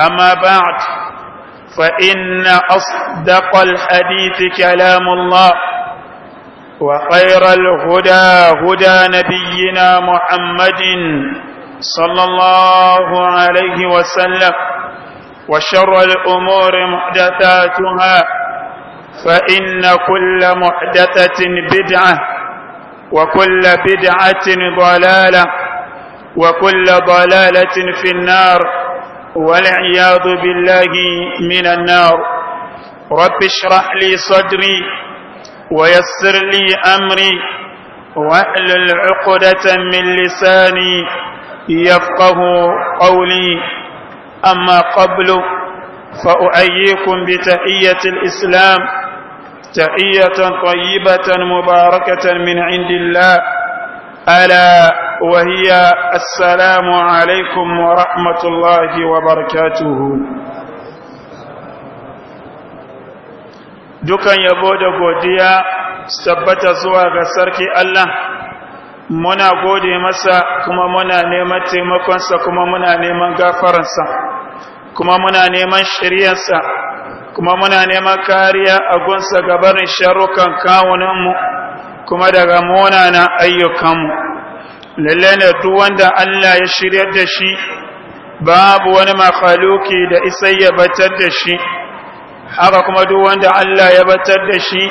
أما بعد فإن أصدق الحديث كلام الله وخير الهدى هدى نبينا محمد صلى الله عليه وسلم وشر الأمور محدثاتها فإن كل محدثة بدعة وكل بدعة ضلالة وكل ضلالة في النار والعياذ بالله من النار رب اشرح لي صدري ويسر لي أمري واحلل عقدة من لساني يفقه قولي أما قبل فأعيكم بتحية الإسلام تحية طيبة مباركة من عند الله ألا وهي السلام عليكم ورحمة الله وبركاته dukan yabo da godiya tabbata zuwa ga sarki Allah muna gode masa kuma muna neman taimakonsa kuma muna neman gafaransa kuma muna neman shiryansa kuma muna neman kariya a gunsa barin sharukan kawuninmu kuma daga munanan ayyukanmu lalle ne duk wanda Allah ya shiryar da shi babu wani makaluki da isa ya batar da shi haka kuma duk wanda Allah ya batar da shi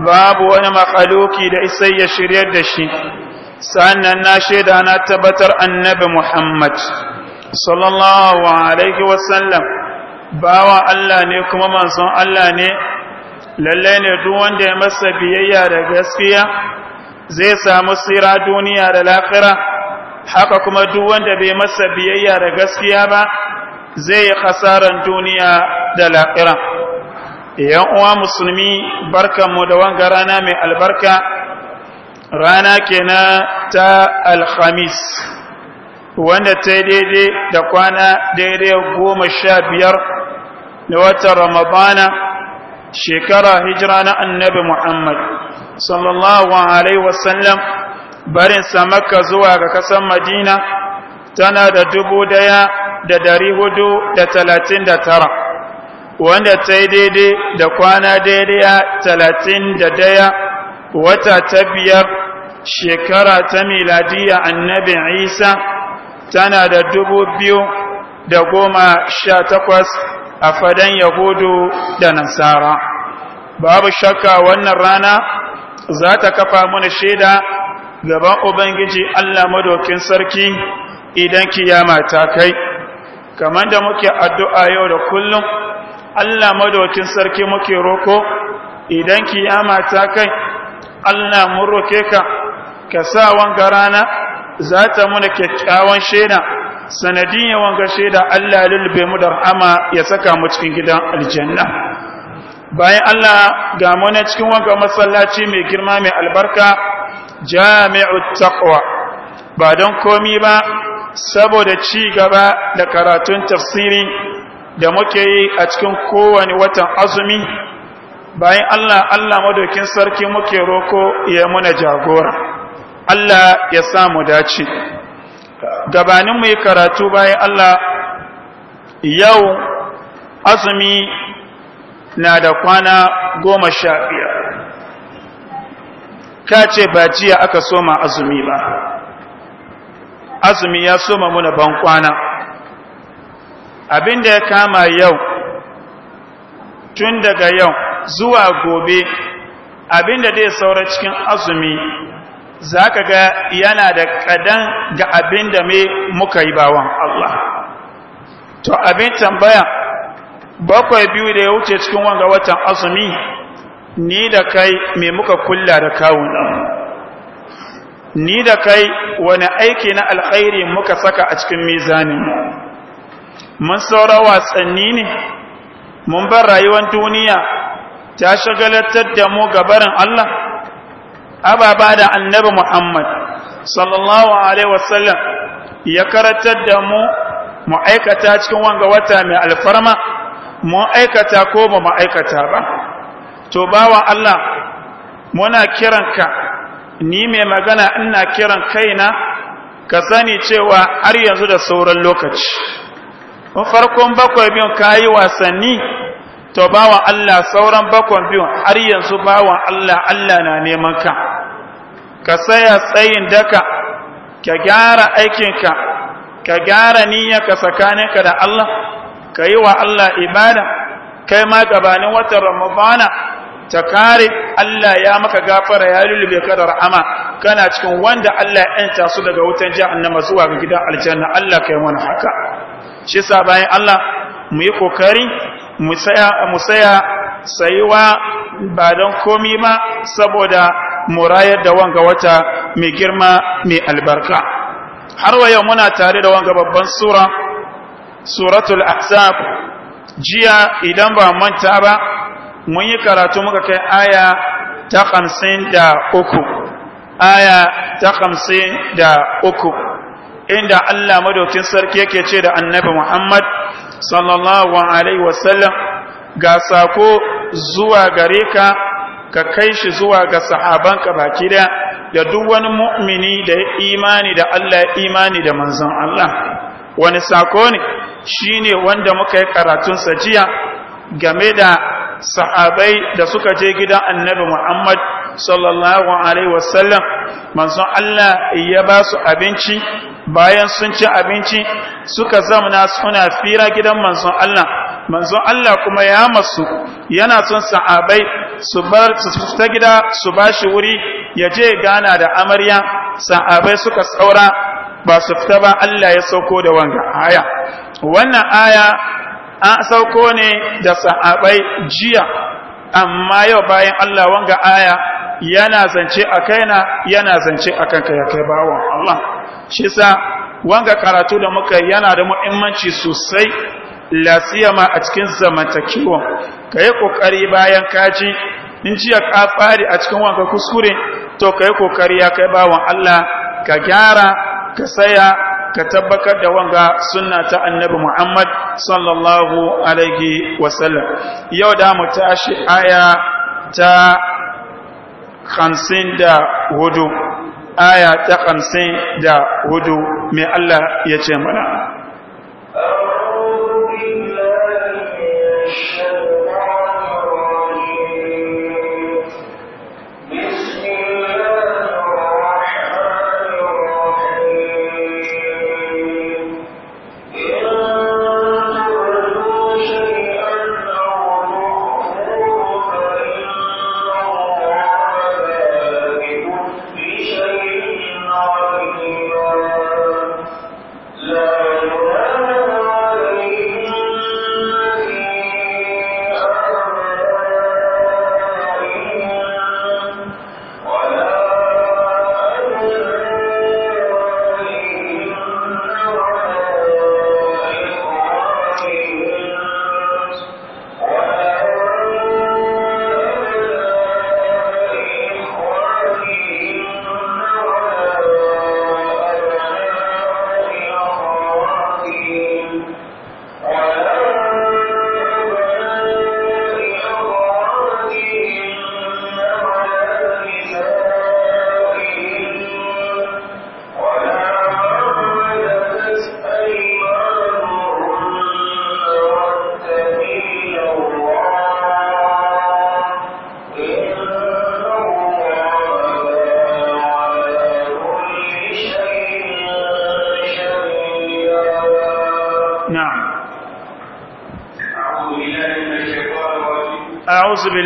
babu wani makaluki da isa ya shiryar da shi sannan na shaida na tabbatar annabi Muhammad sallallahu alaihi wasallam bawa Allah ne kuma manzon Allah ne lallai ne duk wanda ya masa biyayya da gaskiya zai samu tsira duniya da lafira haka kuma duk wanda bai masa biyayya da gaskiya ba zai yi hasaran duniya da lafira yan uwa musulmi mu da wanga rana mai albarka rana kenan ta alhamis wanda ta daidai da kwana daidai goma sha biyar na watan ramadana shekara hijira na annabi Muhammad sallallahu alaihi wasallam barin sa Makka zuwa ga kasar Madina tana da dubu daya da dari hudu da talatin da tara wanda ta yi daidai da kwana daidaya talatin da daya wata ta biyar shekara ta miladiya annabi Isa tana da dubu biyu da goma sha takwas a fadan yahudu da nasara babu shakka wannan rana za ta kafa mana shaida gaban ubangiji allah madaukin sarki idan kiyama ta kai kamar da muke addu'a yau da kullum allah madaukin sarki muke roko idan kiyama ta kai allah mun roke ka ka sa wanga rana za ta muna kyakkyawan shaida Sanadin sanadiyan wanga da Allah lulbe mu da rahama ya saka mu cikin gidan aljanna bayan Allah ga mu ne cikin wanga masallaci mai girma mai albarka jami'u taqwa ba don komi ba saboda ci gaba da karatun tafsiri da muke yi a cikin kowane watan azumi bayan Allah Allah madaukin sarki muke roko ya muna jagora Allah ya samu dace gabanin mu karatu bayan Allah yau azumi na da kwana goma sha biyar ka ce ba jiya aka soma azumi ba azumi ya soma muna ban kwana abinda ya kama yau tun daga yau zuwa gobe abinda dai saura cikin azumi za ka ga yana da ƙadan ga abin da mai muka yi bawan Allah to abin tambaya bakwai biyu da ya wuce cikin wanga watan azumi ni da kai mai muka kulla da nan. ni da kai wani aiki na alkhairi muka saka a cikin mizanin mun saura wasanni ne mun bar rayuwar duniya ta shagalatar da mu gabarin Allah ababa da annabi Muhammad sallallahu alaihi wasallam ya karatar da mu mu aikata cikin wanga wata mai alfarma mu aikata ko ba mu aikata ba to bawa Allah muna kiran ka, ni mai magana ina kiran kaina ka sani cewa har yanzu da sauran lokaci farkon bakwai biyun kayi wasanni to bawan Allah sauran bakon biyu har yanzu bawan Allah Allah na neman ka ka saya tsayin daka ka gyara aikinka ka gyara niyyarka tsakaninka da Allah ka yi wa Allah ibada kai ma gabanin watan Ramadana ta kare Allah ya maka gafara ya lulube ka da rahama kana cikin wanda Allah ya yanta su daga wutan jahannama zuwa ga gidan aljanna Allah kai mana haka shi sa bayan Allah mu yi kokari mu saya sayuwa ba don komi ma saboda murayar da wanga wata mai girma mai albarka har wa yau muna tare da wanga babban sura suratul ahzab jiya idan ba manta ba mun yi karatu muka kai aya ta hamsin da uku aya ta hamsin da uku inda Allah madaukin sarki yake ce da annabi Muhammad sallallahu alaihi wasallam ga sako zuwa gare ka ka kai shi zuwa ga sahabanka baki daya da duk wani mu'mini da imani da Allah ya imani da manzon Allah wani sako ne shine wanda muka yi karatun sajiya game da sahabai da suka je gidan annabi Muhammad sallallahu alaihi wasallam manzon Allah ya ba su abinci bayan sun ci abinci suka zamana suna fira gidan manzon Allah manzon Allah kuma ya masu yana son sahabbai su bar su fita gida su ba shi wuri ya je gana da amarya sahabbai suka saura ba su fita ba Allah ya sauko da wanga aya wannan aya an sauko ne da sahabbai jiya amma yau bayan Allah wanga aya yana zance a kaina yana zance a kanka ya kai bawan Allah shi sa wanga karatu da muka yana da muhimmanci sosai lasiyama a cikin zamantakewa ka yi ƙoƙari bayan kaji in jiya ka fari a cikin wanga kuskure to ka yi ƙoƙari ya kai bawan Allah ka gyara ka saya ka tabbakar da wanga sunna ta annabi Muhammad sallallahu alaihi wasallam yau da mu tashi aya ta hamsin da hudu aya ta hamsin da hudu me Allah ya ce mana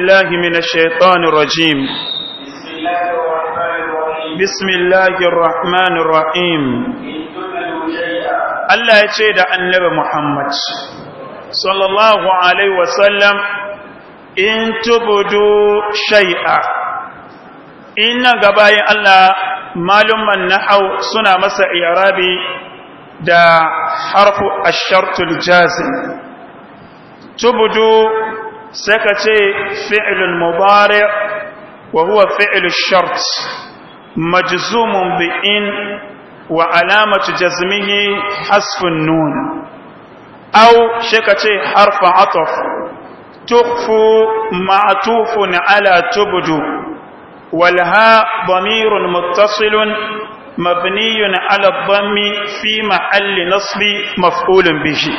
بالله من الشيطان الرجيم بسم الله الرحمن الرحيم Allah ya ce da annabi Muhammad sallallahu alaihi wasallam in tubudu shay'a inna gabayin Allah malumman nahau suna masa i'rabi da harfu ash-shartul jazim tubudu سكت فعل مضارع وهو فعل الشرط مجزوم بإن وعلامة جزمه حذف النون أو شكت حرف عطف تخف معطوف على تبدو والها ضمير متصل مبني على الضم في محل نصب مفعول به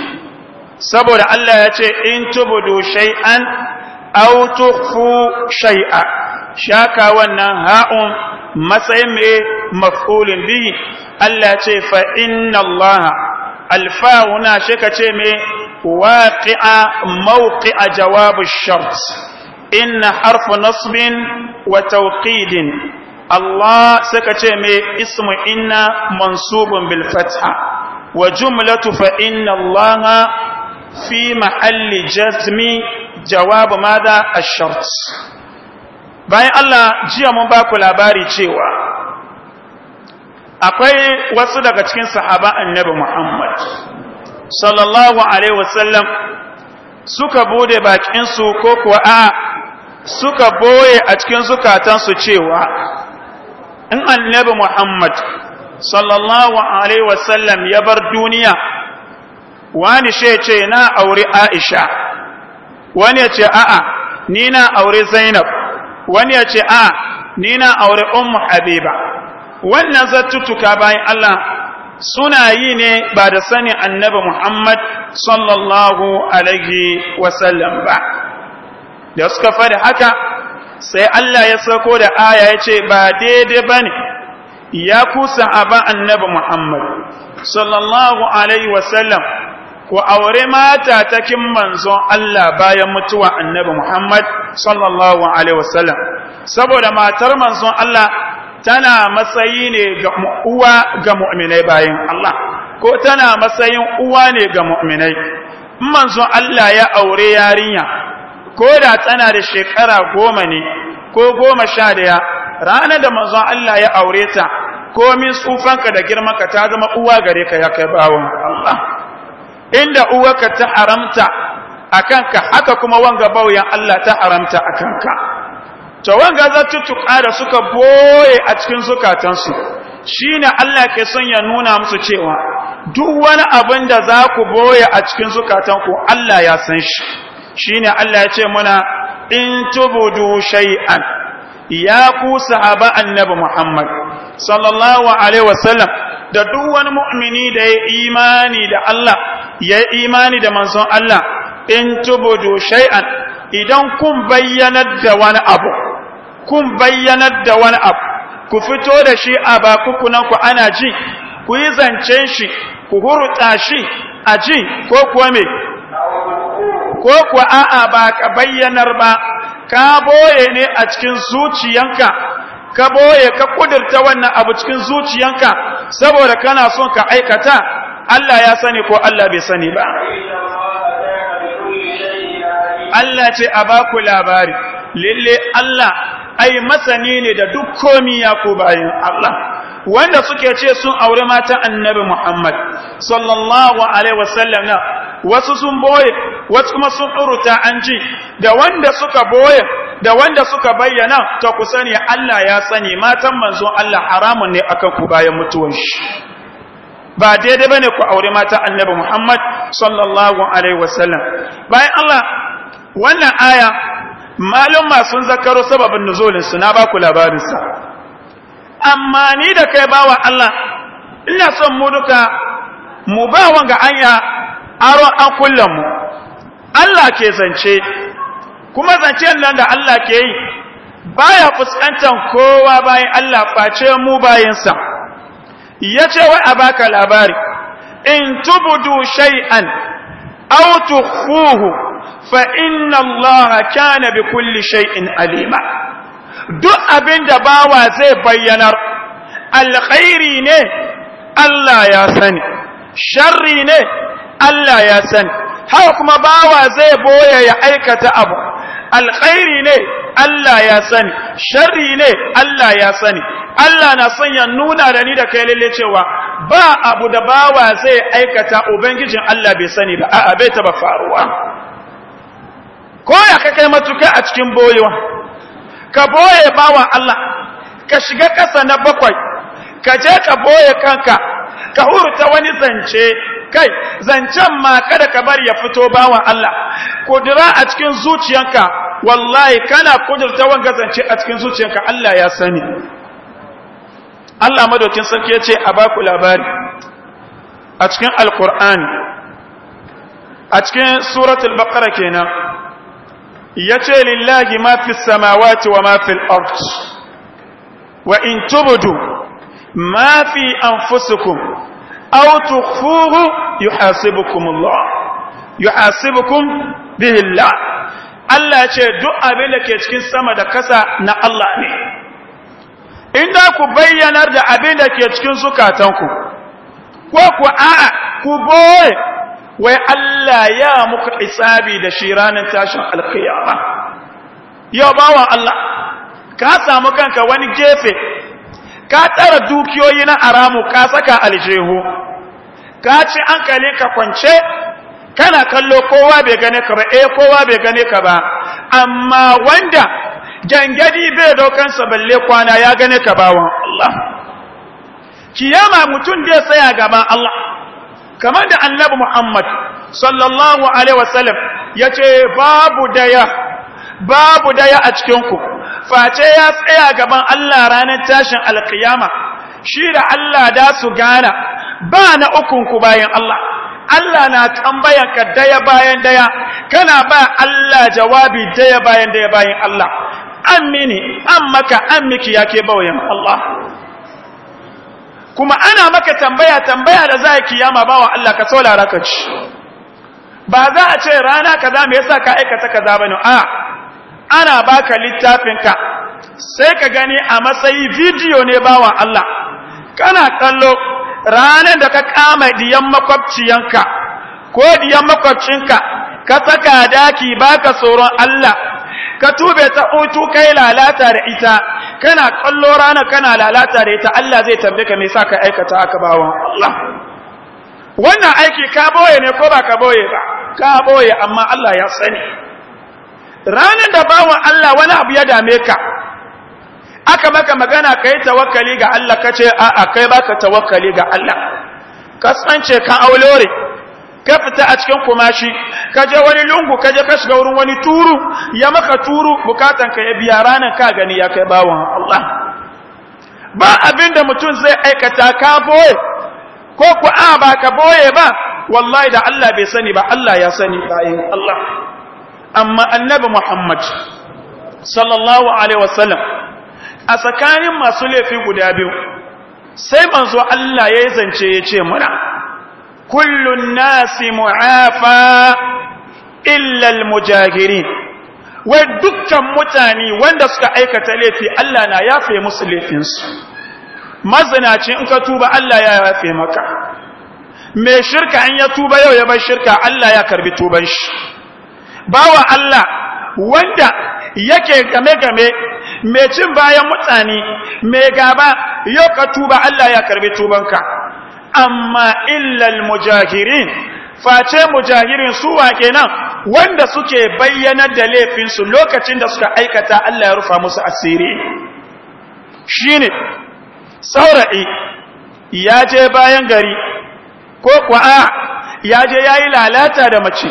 saboda Allah ya ce in tubudu shay'an aw tukhfu shay'a shaka wannan ha'un matsayin me maf'ulin bi Allah ya ce fa inna Allah alfa huna shika ce me waqi'a mawqi'a jawab ash-shart inna harfu nasbin wa tawqidin Allah suka ce me ismu inna mansubun bil fatha wa jumlatu fa inna Allah Fi ma'alli محل jawabu mada a الشرط bayan Allah jiya mun ba ku labari cewa akwai wasu daga cikin sahaba annabi Muhammad sallallahu alaihi wasallam suka bude bakinsu ko kuwa a suka boye a cikin zukatansu cewa in annabi Muhammad sallallahu alaihi wasallam ya bar duniya wani she ce na auri aisha wani ya ce a'a ni na auri zainab wani ya ce a ni na auri ummu habiba wannan zattutuka bayan Allah suna yi ne ba da sanin annabi Muhammad sallallahu alaihi wasallam ba da suka fada haka sai Allah ya sako da aya ya ce ba daidai ba ne ya kusa a ba annabi Muhammad sallallahu alaihi wasallam ku aure mata ta kin manzon Allah bayan mutuwa annabi Muhammad sallallahu alaihi wasallam saboda matar manzon Allah tana matsayi ne ga uwa ga mu'minai bayan Allah ko tana matsayin uwa ne ga mu'minai in manzon Allah ya aure yarinya ko da tana da shekara goma ne ko goma sha daya ranar da manzon Allah ya aure ta komin tsufanka da girmanka ta zama uwa gare ka ya kai bawon Allah inda uwaka ta haramta a kanka haka kuma wanga bauyan Allah ta haramta a kanka to wanga zattutuka da suka boye a cikin zukatansu shine Allah ke son ya nuna musu cewa duk wani abin da za ku boye a cikin zukatanku Allah ya san shi shine Allah ya ce muna in tubudu shay'an ya ku sahaba annabi Muhammad sallallahu alaihi wasallam da duk wani mu'mini da ya imani da Allah ya imani da manzon Allah in tubudu shay'an idan kun bayyanar da wani abu kun bayyanar da wani abu ku fito da shi a bakukunan ku ana ji ku yi zancen shi ku hurta shi a ji ko kuwa me ko kuwa a'a ba ka bayyanar ba ka boye ne a cikin zuciyanka ka boye ka kudirta wannan abu cikin zuciyanka saboda kana son ka aikata Allah ya sani ko Allah bai sani ba Allah ce a baku labari lalle Allah ai masani ne da duk komi ya ku bayan Allah wanda suke ce sun aure mata annabi Muhammad sallallahu alaihi wasallam na wasu sun boye wasu kuma sun uruta an ji da wanda suka boye da wanda suka bayyana ta ku sani Allah ya sani matan manzo Allah haramun ne akan ku bayan mutuwar shi ba daidai bane ku aure mata annabi Muhammad sallallahu alaihi wasallam bayan Allah wannan aya malum sun zakaru sababin nuzulin su na ba ku labarin sa amma ni da kai bawa Allah ina son mu duka mu ba ga anya aron an kullum mu Allah ke zance kuma zance nan da Allah ke yi baya fuskantar kowa bayan Allah face mu bayansa ya ce wai a baka labari in tubudu shay'an aw tukhuhu fa inna Allah kana bi kulli shay'in alima duk abin da bawa zai bayyanar alkhairi ne Allah ya sani sharri ne Allah ya sani haka kuma bawa zai boye ya aikata abu alkhairi ne Allah ya sani sharri ne Allah ya sani Allah na son ya nuna da ni da kai lalle cewa ba abu da bawa zai aikata ubangijin Allah bai sani ba a'a bai taba faruwa ko ya kai matuka a cikin boyewa ka boye bawa Allah ka shiga ƙasa na bakwai ka je ka boye kanka ka hurta wani zance kai zancen ma kada ka bari ya fito bawa Allah kudura a cikin zuciyanka wallahi kana kudurta wanga zance a cikin zuciyanka Allah ya sani Allah madaukin sarki ya ce a baku labari a cikin alkur'ani a cikin suratul baqara kenan ya ce lillahi ma fi samawati wa ma fi al'ard wa in tubudu ma fi anfusukum aw tukhfuhu yuhasibukum Allah yuhasibukum bihi Allah Allah ce duk abin da ke cikin sama da kasa na Allah ne in ku bayyanar da abin da ke cikin zukatanku ko ku a'a ku boye wai Allah ya muku isabi da shi ranar tashin alkhiyama yau bawan Allah ka samu kanka wani gefe ka tsara dukiyoyi na aramu ka saka aljehu, ka ci hankalin ka kwance kana kallo kowa bai gane ka ba eh kowa bai gane ka ba amma wanda gangadi bai daukansa balle kwana ya gane ka bawan Allah kiyama mutum zai ya tsaya gaban Allah kamar da annabi Muhammad sallallahu alaihi wasallam ce babu daya babu daya a cikin ku face ya tsaya gaban Allah ranar tashin alkiyama shi da Allah da su gana ba na ukun ku bayan Allah Allah na tambayan ka daya bayan daya kana ba Allah jawabi daya bayan daya bayan Allah an mini an maka an miki yake bauyan Allah kuma ana maka tambaya tambaya da za a kiyama wa Allah ka saurara ka ci ba za a ce rana ka za me yasa ka aikata kaza ne a ana baka littafin ka sai ka gani a matsayi bidiyo ne bawa Allah kana kallo ranar da ka kama diyan makwabciyanka ko diyan makwabcinka ka saka daki baka tsoron Allah ka tube ta utu kai lalata da ita kana kallo rana kana lalata da ita Allah zai tambaye ka me yasa ka aikata aka bawa Allah wannan aiki ka boye ne ko ba ka boye ba ka boye amma Allah ya sani ranar da bawan Allah wani abu ya dame ka aka maka magana kai tawakkali ga Allah kace a'a kai baka tawakkali ga Allah kasance ka aulore ka fita a cikin kumashi ka je wani lungu ka je kashi wurin wani turu ya maka turu bukatan ka ya biya ranar ka gani ya kai bawan Allah ba abin da mutum zai aikata ka boye ko ku a ba ka boye ba wallahi da Allah bai sani ba Allah ya sani bayin Allah amma annabi Muhammad sallallahu alaihi wasallam a tsakanin masu laifi guda biyu sai manzo Allah ya yi zance ya ce muna Kullum nasi mu'afa illa almujahirin wai dukkan mutane wanda suka aikata laifi Allah na yafe musu laifin su mazinaci in ka tuba Allah ya yafe maka me shirka an ya tuba yau ya bar shirka Allah ya karbi tuban bawa Allah wanda yake game game mai cin bayan mutane mai gaba yau ka tuba Allah ya karbi tubanka amma illal mujahirin face mujahirin su wa kenan wanda suke bayyanar da laifinsu lokacin da suka aikata Allah ya rufa musu asiri shine saura'i ya je bayan gari ko kwa'a ya je ya yi lalata da mace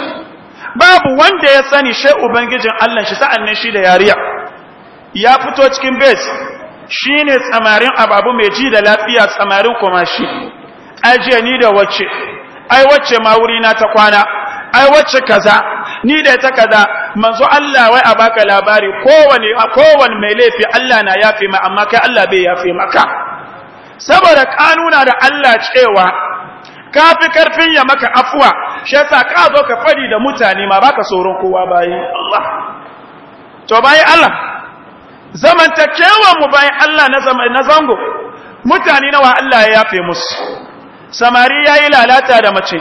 babu wanda ya sani shi ubangijin Allah shi sa'annin shi da yariya ya fito cikin bes shine tsamarin ababu mai ji da lafiya tsamarin kuma shi ai je ni da wacce ai wacce ma wuri na ta kwana ai wacce kaza ni da ta kaza manzo Allah wai a baka labari kowane kowane mai laifi Allah na yafe ma amma kai Allah bai yafe maka saboda kanuna da Allah cewa ka fi karfin ya maka afuwa shi yasa ka zo ka fadi da mutane ma baka tsoron kowa bayan Allah to bayan Allah zamantakewa mu bayan Allah na zango mutane nawa Allah ya yafe musu samari ya yi lalata da mace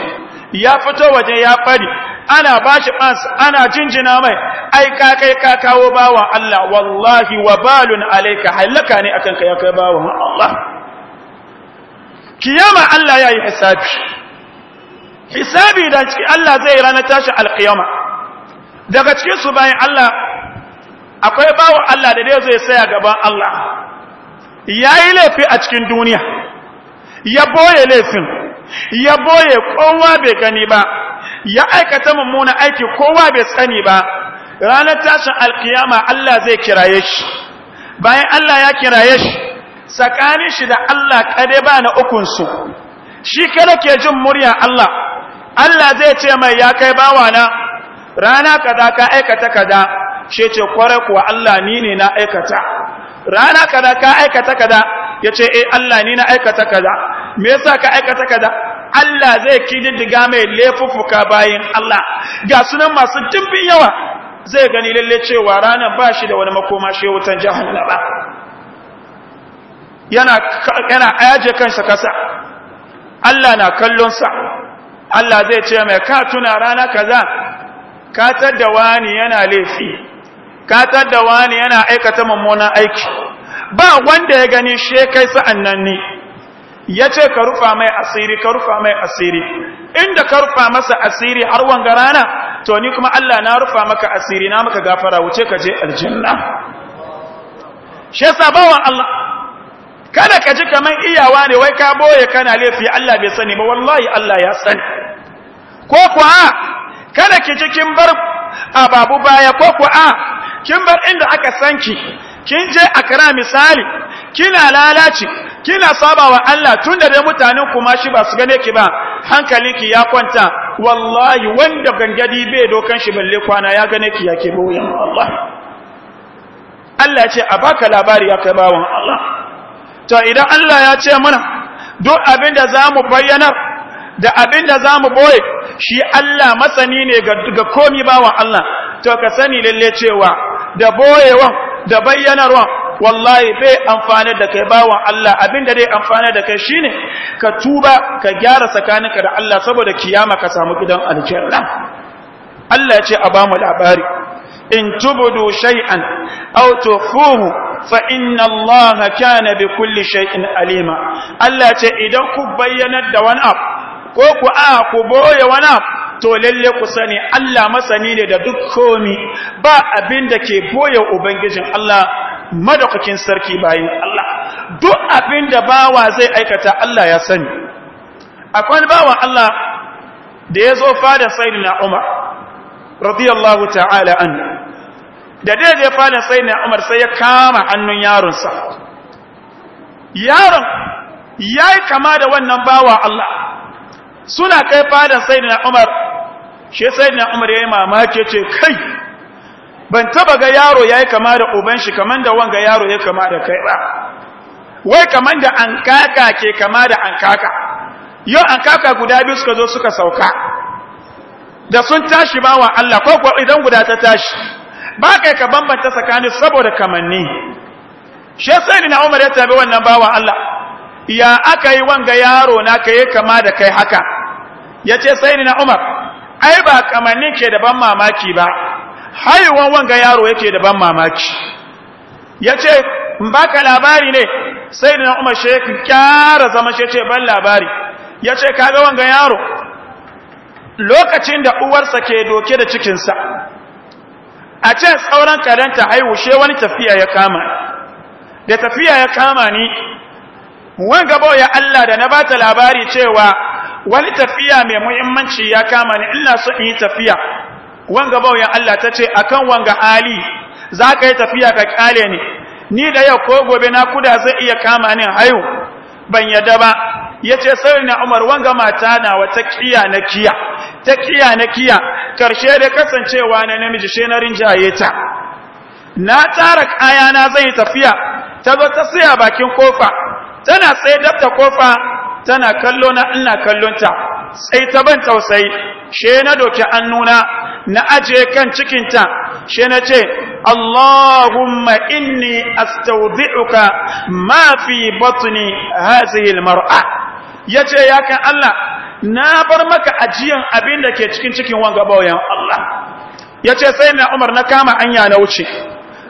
ya fito waje ya fari ana ba shi ana jinjina mai ai ka kai ka kawo bawan Allah wallahi wa balun alaika halaka ne akan ka ya kai bawan Allah kiyama Allah ya yi hisabi hisabi da ciki Allah zai rana tashi alkiyama daga cikin su bayan Allah akwai bawan Allah da dai zai saya gaban Allah ya yi laifi a cikin duniya ya boye laifin ya boye kowa bai gani ba ya aikata mummuna aiki kowa bai sani ba ranar tashin alkiyama Allah zai kiraye shi bayan Allah ya kiraye shi tsakanin shi da Allah kade ba na ukunsu shi kada ke jin murya Allah Allah zai ce mai ya kai bawana rana kaza ka aikata kaza shi ce kwarai kuwa Allah ni ne na aikata rana kada ka aikata ya yace eh Allah ni na aikata kada, me yasa ka aikata kada? Allah zai kididdiga mai laifuffuka bayan Allah ga sunan masu tumbin yawa zai gani lalle cewa ranar ba shi da wani makoma shi wutan jahannama yana yana aje kansa kasa Allah na kallon sa Allah zai ce mai ka tuna rana kaza ka tadda wani yana laifi ka da wani yana aikata mummunan aiki ba wanda ya gani she kai sa'an nan ne ya ce ka rufa mai asiri ka rufa mai asiri inda ka rufa masa asiri har wanga rana to ni kuma Allah na rufa maka asiri na maka gafara wuce ka je aljanna she bawan Allah kada ka ji kaman iyawa ne wai ka boye kana laifi Allah bai sani ba wallahi Allah ya sani ko kuwa kada ki ji kin bar ababu baya ko kuwa kin bar inda aka san ki, kin je a akra misali kina lalaci kina sabawa Allah tunda dai mutanen kuma shi ba su gane ki ba hankalinki ya kwanta wallahi wanda gangadi bai dokan shi balle kwana ya gane ki yake boyan Allah Allah ya ce a baka labari ya kai bawan Allah to idan Allah ya ce mana duk abinda mu bayyana da abinda zamu boye shi Allah masani ne ga komi bawan Allah to ka sani lalle cewa da boyewan da bayyanarwa wallahi bai amfana da kai bawan Allah Abin da zai amfana da kai shine ka tuba ka gyara tsakaninka da Allah saboda kiyama ka samu gidan aljanna Allah ya ce a bamu labari in tubudu shay'an aw tukhfuhu fa inna Allah kana bi kulli shay'in alima Allah ya ce idan ku bayyanar da wani abu ko ku a ku boye wani to lalle ku sani Allah masani ne da duk komi ba abin da ke boye ubangijin Allah madaukakin sarki bayin Allah duk abin da bawa zai aikata Allah ya sani akwai bawa Allah da ya zo fada sayyidina Umar radiyallahu ta'ala anhu da dai zai fada sayyidina Umar sai ya kama hannun yaronsa yaron yayi kama da wannan bawa Allah suna kai fadan sayyidina Umar she sayyidina Umar yayi mamaki ce kai ban taba ga yaro yayi kama da uban shi kaman da wanga yaro yayi kama da kai ba wai kaman da an kaka ke kama da an kaka yau an kaka guda biyu suka zo suka sauka da sun tashi bawa Allah ko ko idan guda ta tashi ba kai ka bambanta tsakanin saboda kamanni she sayyidina Umar ya tabi wannan ba wa Allah ya aka yi wanga yaro na ka yi kama da kai haka ya ce sai ni na umar ai ba kamannin ke da ban mamaki ba haihuwan wanga yaro yake da ban mamaki ya ce baka labari ne sai na umar shi kyara zama shi ce ban labari ya ce kaga wanga yaro lokacin da uwarsa ke doke da cikinsa a ce tsauran kadanta haihu she wani tafiya ya kama da tafiya ya kama ni wanga bauya Allah da na bata labari cewa wani tafiya mai muhimmanci ya kama ni ina so in yi tafiya wanga bauya Allah ta ce akan wanga Ali, za ka yi tafiya ka kale ni ni da yau ko gobe na kuda zai iya kama ni hayo ban yadda ba ya ce sai na umar wanga mata na wata kiya na kiya ta kiya na kiya karshe da kasancewa na namiji she na rinjaye ta na tara kayana zai tafiya ta zo ta siya bakin kofa tana tsaye dab kofa tana kallo na ina kallonta sai ta ban tausayi she na doki annuna na ajiye kan cikinta she na ce Allahumma inni astawdi'uka ma fi batni hazihi almar'a yace ya kan Allah na bar maka ajiyan abin da ke cikin cikin wanga bauyan Allah yace sai na Umar na kama anya na wuce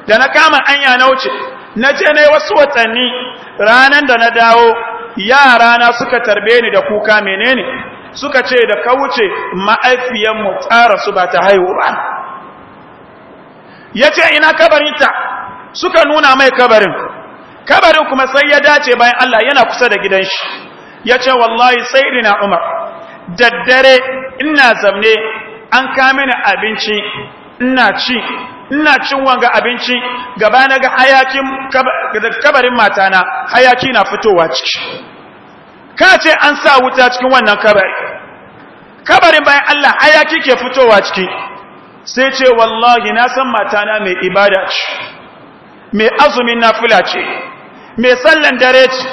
da na kama anya na wuce na je ne wasu watanni ranan da na dawo yarana suka tarbe ni da kuka menene suka ce da ka wuce ma'aifiyanmu tsara su ba ta haihu ba ya ce ina kabarinta suka nuna mai kabarin kabarin kuma sai ya dace bayan Allah yana kusa da gidan shi ya ce wallahi sai rina umar daddare ina zamne an kamini abinci ina ci ina cin wanga abinci gaba na ga hayakin kabarin matana hayaki na fitowa ciki ka ce an sa wuta cikin wannan kabari kabarin bayan Allah hayaki ke fitowa ciki sai ce wallahi na san matana mai ibada ce mai azumin nafila ce mai sallan dare ce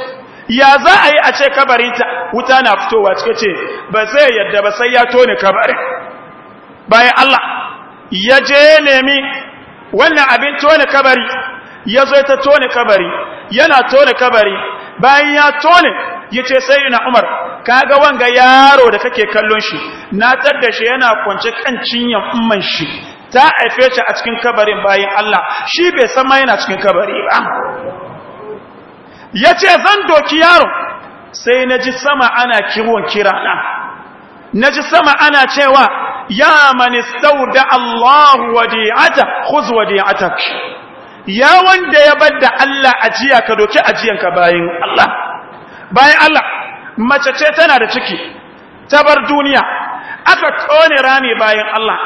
ya za a yi a ce kabarinta wuta na fitowa cike ce ba zai yadda ba sai ya tone kabarin bayan Allah ya je nemi wannan abin tone kabari ya zo ta tone kabari yana tone kabari bayan ya tone ya ce sai na umar kaga wanga yaro da kake kallon shi na tadda shi yana kwance kan cinyan umman shi ta haife shi a cikin kabarin bayan Allah shi bai san ma yana cikin kabari ba ya ce zan doki yaro sai na ji sama ana kiwon kirana na ji sama ana cewa ya man istawda Allahu wadi'ata khudh wadi'atak ya wanda ya badda Allah ajiya ka doki ajiyanka bayin Allah bayan Allah mace ce tana da ciki ta bar duniya aka tone rami bayan Allah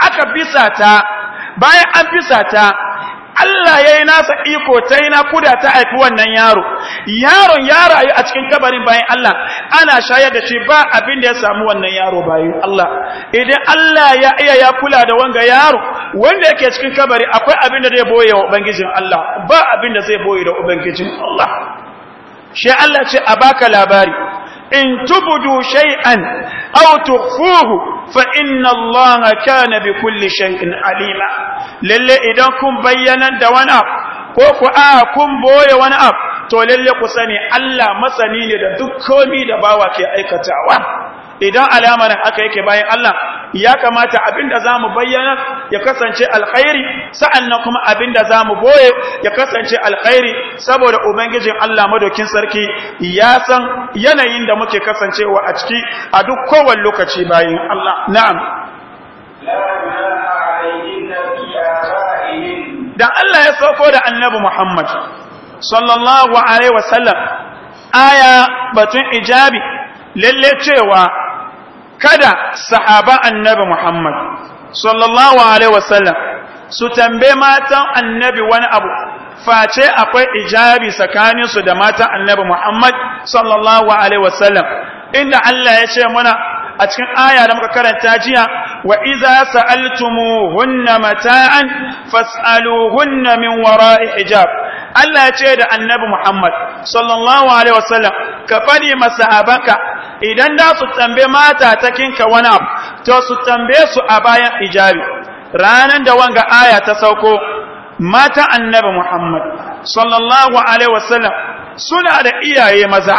aka bisa ta bayan an bisa ta Allah ya yi nasa iko ta yi kuda ta haifi wannan yaro yaron ya rayu a cikin kabarin bayan Allah ana shayar da shi ba abin da ya samu wannan yaro bayan Allah idan Allah ya iya ya kula da wanga yaro wanda yake cikin kabari akwai abin da zai boye wa ubangijin Allah ba abin da zai boye da ubangijin Allah shi Allah ce a baka labari in tubudu shay'an aw tukhfuhu fa inna allaha kana bi kulli shay'in alima lalle idan kun bayyana da wani abu ko ku a kun boye wani abu to lalle ku sani Allah masani ne da duk komai da bawa ke aikatawa idan alama aka yake bayan Allah ya kamata abinda zamu bayyana ya kasance alkhairi sa'annan kuma abinda zamu boye ya kasance alkhairi saboda ubangijin Allah madokin sarki ya san yanayin da muke kasancewa a ciki a duk kowane lokaci bayan Allah na'am Da Allah ya sauko da annabi Muhammad sallallahu alaihi wasallam aya batun ijabi lalle cewa kada sahaba annabi Muhammad sallallahu alaihi wasallam su tambe matan annabi wani abu face akwai ijabi tsakaninsu da matan annabi Muhammad sallallahu alaihi wasallam inda Allah ya ce mana a cikin aya da muka karanta jiya wa iza sa'altumuhunna mata'an fas'aluhunna min wara'i hijab Allah ya ce da annabi Muhammad sallallahu alaihi wasallam ka fadi masahabanka idan da su tambe mata ta kinka wani abu to su tambe su a bayan ijabi ranar da wanga aya ta sauko mata annabi Muhammad sallallahu alaihi wasallam suna da iyaye maza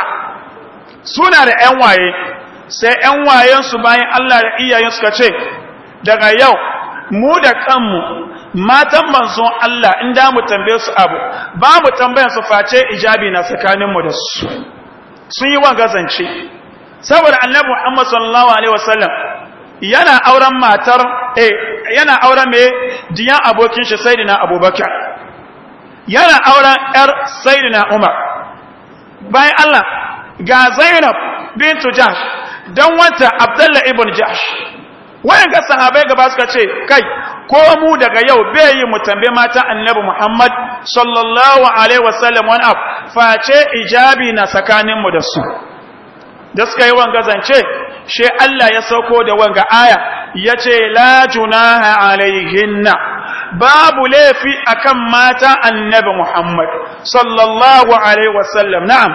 suna da ƴan waye sai ƴan wayen su bayan Allah da iyayen suka ce daga yau mu da kanmu matan manzo Allah in da mu tambaye su abu ba mu tambayan su face ijabi na tsakaninmu da su sun yi wanga zance saboda annabi Muhammad sallallahu alaihi wasallam yana auren matar eh yana auren me diyan abokin shi sayyidina Abubakar yana auren yar sayyidina Umar bayan Allah ga Zainab bintu Jahsh dan wata Abdullah ibn Jahsh wayan ga sahabbai gaba suka ce kai ko mu daga yau bai yi mu tambaye mata annabi Muhammad sallallahu alaihi wasallam wani abu face ijabi na tsakaninmu da su da suka yi wanga zance she Allah ya sauko da wanga aya Ya ce, la junaha alaihinna babu a kan mata annabi Muhammad sallallahu alaihi wasallam na'am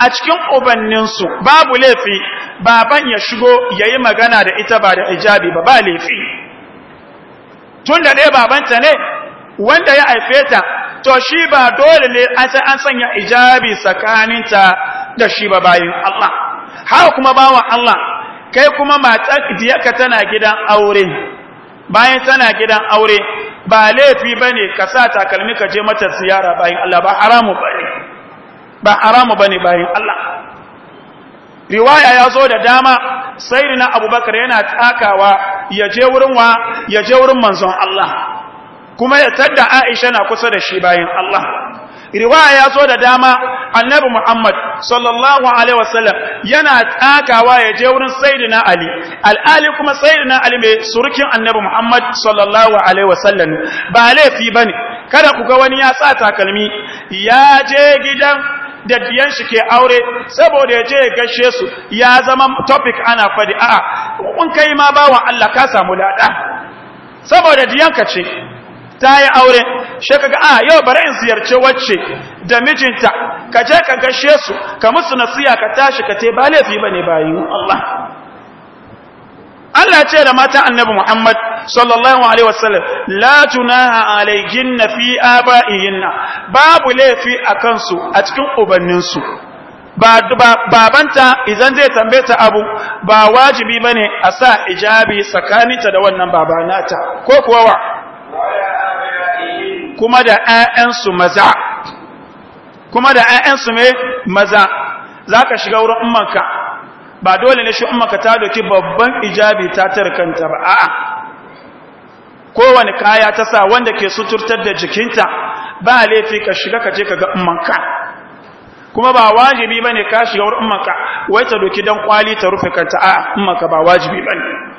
a cikin ubanninsu babu laifi baban ya shigo ya yi magana da ita ba da ijabi ba ba laifi tun da ɗaya babanta ne wanda ya haife ta to shi ba dole ne an an sanya ijabi tsakaninta da shi ba bayin Allah haka kuma bawa Allah kai kuma matar diyarka tana gidan aure bayan tana gidan aure ba laifi bane ka sa takalmi ka je mata ziyara bayin Allah ba haramu bane ba haramu bane bayin Allah riwaya ya zo da dama sayyidina abubakar yana takawa ya je wurin wa ya je wurin manzon Allah kuma ya tadda Aisha na kusa da shi bayan Allah riwaya ya zo da dama annabi Muhammad sallallahu alaihi wasallam yana takawa ya je wurin sayyidina Ali al'ali kuma sayyidina Ali mai surukin annabi Muhammad sallallahu alaihi wasallam ba laifi bane kada ku ga wani ya sa takalmi ya je gidan da biyan shi ke aure saboda ya je ya gashe su ya zama topic ana fadi a'a in kai ma bawan Allah ka samu lada saboda diyanka ce ta yi aure shi kaga a ah, yau bari in ziyarci wacce da mijinta ka je ka gashe su ka musu nasiya ka tashi ka te ba laifi bane bayin Allah Allah ya ce da mata annabi Muhammad sallallahu alaihi wasallam la tunaha alayhinna fi abaihinna babu laifi akan su a cikin ubannin su babanta idan zai tambaye ta abu ba wajibi bane a sa ijabi tsakaninta da wannan babanata ko kuwa wa kuma da ‘ya'yansu maza kuma da ‘ya'yansu mai maza za ka shiga wurin ummanka ba dole ne shi ummanka ta doki babban ijabi ta tarkanta ba a'a kowane kaya ta sa wanda ke suturtar da jikinta ba laifi ka shiga ka je ka ga ummanka kuma ba wajibi ba ne ka shiga wurin ummanka wai ta doki don kwali ta rufe kanta a'a ummanka ba wajibi ba ne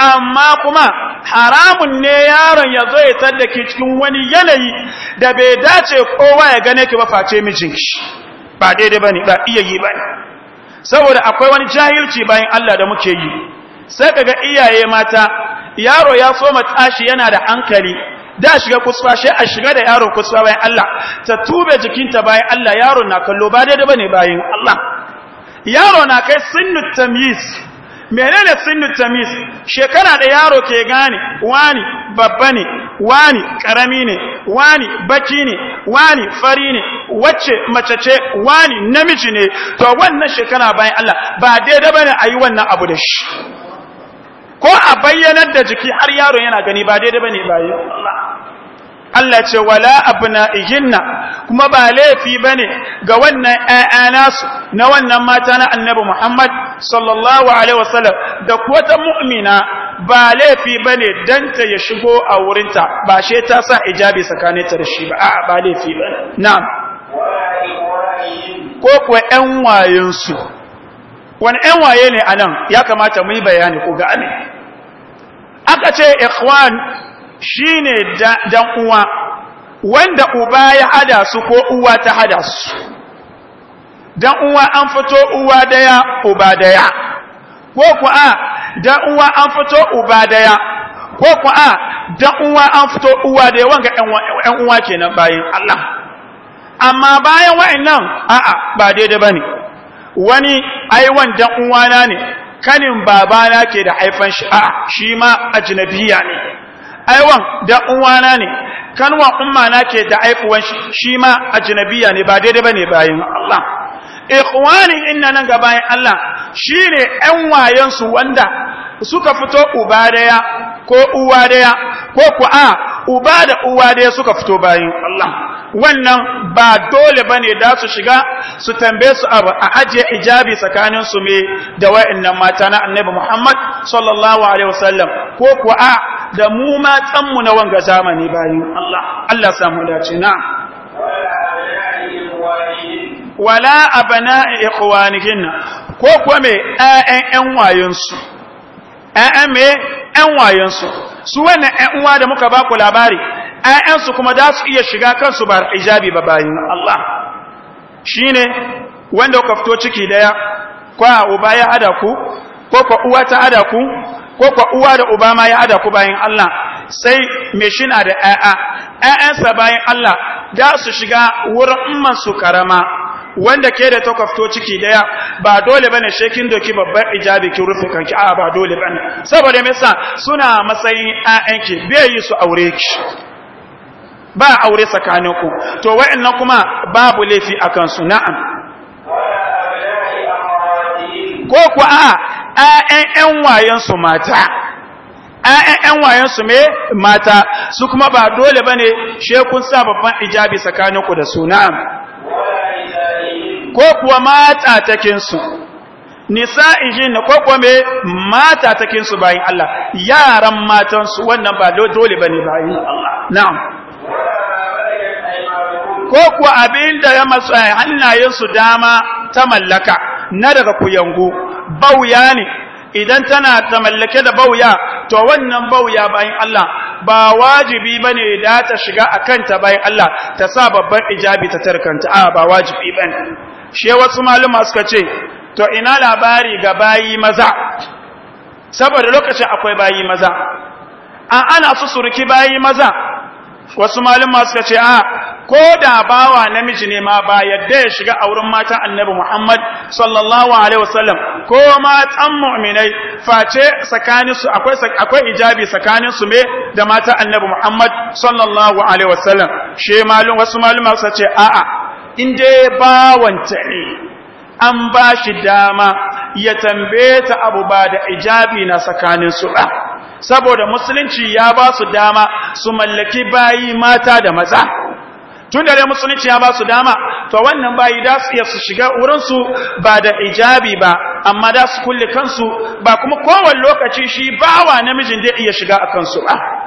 amma kuma haramun ne yaron ya zo ya tallake cikin wani yanayi da bai dace kowa ya gane ki ba face mijinki ba daidai bane ba iya yi bane saboda akwai wani jahilci bayan Allah da muke yi sai kaga iyaye mata yaro ya soma tashi yana da hankali da shiga kusfa shi a shiga da yaro kusfa bayan Allah ta tube jikinta bayan Allah yaro na kallo ba daidai bane bayan Allah yaro na kai sunnat tamyiz menene sinnu tamis shekara da yaro ke gane wani babba ne wani karami ne wani baki ne wani fari ne wacce mace ce wani namiji ne to wannan shekara bayan Allah ba daidai bane ayi wannan abu da shi ko a bayyanar da jiki har yaro yana gani ba daidai bane yi Allah Allah ce wala abna ihinna kuma ba laifi bane ga wannan ƴaƴa nasu na wannan mata na Annabi Muhammad sallallahu alaihi wasallam da ta mu'mina ba laifi bane dan ta ya shigo a wurinta ba she ta sa ijabi tsakanin ta da shi ba a'a ba laifi bane na'am ko ɗan ƴan wayensu wani ƴan waye ne anan ya kamata mu yi bayani ko ga aka ce ikhwan shine dan uwa wanda uba ya hada su ko uwa ta hada su dan uwa an fito uwa daya uba daya ko ku dan uwa an fito uba daya ko ku dan uwa an fito uwa daya wanga ɗan uwa kenan bayan Allah amma bayan wa'annan a'a ba daidai bane wani ai uwa uwana ne kanin babana ke da haifan shi a shi ma ajnabiya ne aiwan da uwana ne kanwa umma na ke da shi shi ma ajnabiya ne ba daidai bane bayin Allah ikhwani inna nan gabayin Allah shine ɗan wayansu wanda suka fito uba daya ko uwa daya ko ku a uba da uwa daya suka fito bayin Allah wannan ba dole bane da su shiga su tambaye su a ajiye ijabi tsakanin su me da wa'annan mata na Annabi Muhammad sallallahu alaihi wasallam ko ku a da mu matan mu na wanga zamani bayin Allah Allah samu dace na wala abana ikhwanikin ko kuwa me ƴaƴan ƴan me ƴan wayansu, su wannan ƴan uwa da muka ba ku labari su kuma za su iya shiga kansu ba hijabi ba bayin Allah shine wanda ku fito ciki daya kwa uba ya hada ku ko kwa uwa ta hada ku ko kwa uwa da uba ma ya hada ku bayin Allah sai me shina na da ƴaƴa ƴaƴansa bayin Allah da su shiga wurin umman su karama wanda ke da takwafto ciki daya ba dole bane shekin doki babban ijabi ki rufe kanki a ba dole bane saboda me yasa suna matsayin ƴaƴanki bai yi su aure ki ba aure tsakaninku to wa'annan kuma babu laifi akan su na'am ko ku a ƴaƴan ƴan wayan su mata ƴaƴan ƴan wayan su me mata su kuma ba dole bane shekun sa babban ijabi tsakaninku da su na'am ko kuwa matatakinsu nisa'ihin ko kuwa me su bayin Allah yaran matansu wannan ba dole bane bayin Allah na'am ko kuwa abinda ya masu eh, hannayensu dama ta mallaka na daga kuyangu bauya ne idan tana ta mallake da bauya to wannan bauya bayin Allah ba wajibi bane da ta shiga ta bayin Allah ta sa babban ijabi ta tarkanta a ba wajibi bane she wasu malama suka ce to ina labari ga bayi maza saboda lokacin akwai bayi maza an ana su surki bayi maza wasu malama suka ce a ko da bawa namiji ne ma ba yadda ya shiga auren matan annabi Muhammad sallallahu alaihi wasallam ko tsan mu'minai face tsakanin su akwai akwai ijabi tsakanin su me da matan annabi Muhammad sallallahu alaihi wasallam she malum wasu malama suka ce a'a in dai bawanta ne an ba shi dama ya tambaye ta abu ba da ijabi na tsakanin su ba saboda musulunci ya ba su dama su mallaki bayi mata da maza tun da musulunci ya ba su dama to wannan bayi da su iya su shiga wurinsu ba da ijabi ba amma da su kulle kansu ba kuma kowane lokaci shi bawa namijin da iya shiga a kansu ba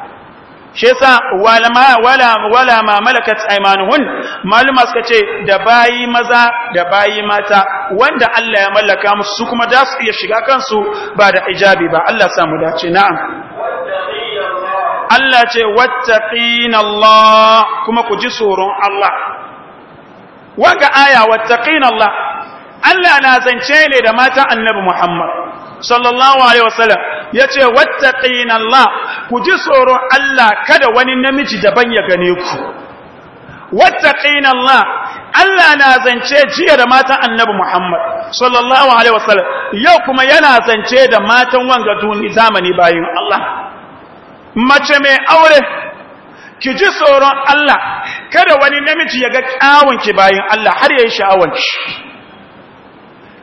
shi yasa wala wala ma malakat aymanuhun maluma suka ce da bayi maza da bayi mata wanda Allah ya mallaka musu su kuma da su iya shiga kansu ba da ijabi ba Allah ya mu dace na'am Allah ce wattaqina Allah kuma ku ji tsoron Allah wanga aya wattaqina Allah Allah na zance ne da mata annabi Muhammad sallallahu alaihi wasallam yace wattaqina Allah ku ji tsoron Allah kada wani namiji daban ya gane ku wattaqina Allah Allah na zance jiya da matan Annabi Muhammad sallallahu alaihi wasallam yau kuma yana zance da matan wanga duni zamani bayin Allah mace mai aure ki ji tsoron Allah kada wani namiji ya ga kyawunki bayin Allah har ya yi sha'awanki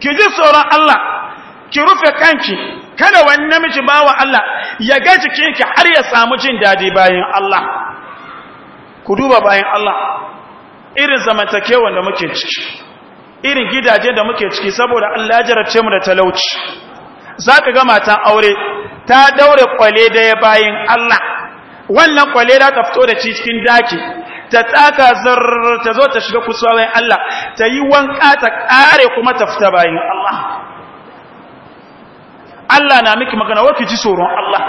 ki ji tsoron Allah ki rufe kanki kada wani namiji bawa Allah ya ga jikinki har ya samu jin dadi bayan Allah ku duba bayan Allah irin zamantakewan da muke ciki irin gidaje da muke ciki saboda Allah ya jarabce mu da talauci zaka ga matan aure ta daure kwale daya bayan Allah wannan kwale da ta fito da ci cikin daki ta tsaka zar ta zo ta shiga kusurwa bayan Allah ta yi wanka ta kare kuma ta fita bayan Allah Allah na miki magana wa kiji ji tsoron Allah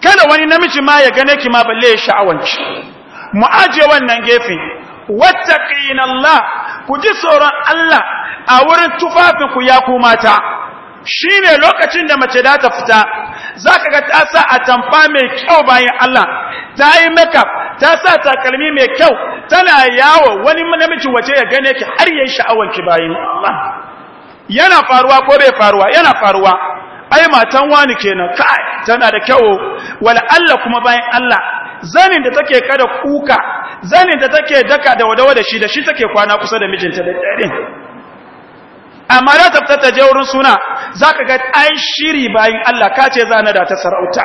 kada wani namiji ma ya gane ki ma balle ya sha'awanci mu aje wannan gefe wattaqina Allah ku ji tsoron Allah a wurin tufafin ku ya ku mata shine lokacin da mace da ta fita zaka ga ta sa atamfa mai kyau bayan Allah ta yi makeup ta sa takalmi mai kyau tana yawo wani namiji waje ya gane ki har yayin sha'awanki bayan Allah yana faruwa ko bai faruwa yana faruwa ai matan wani kenan kai tana da kyau wala Allah kuma bayan Allah zanin da take kada kuka zanin da take daka da wadawa da shi da shi take kwana kusa da mijinta da dare amma da ta je wurin suna zaka ga ai shiri bayan Allah ka ce zana da ta sarauta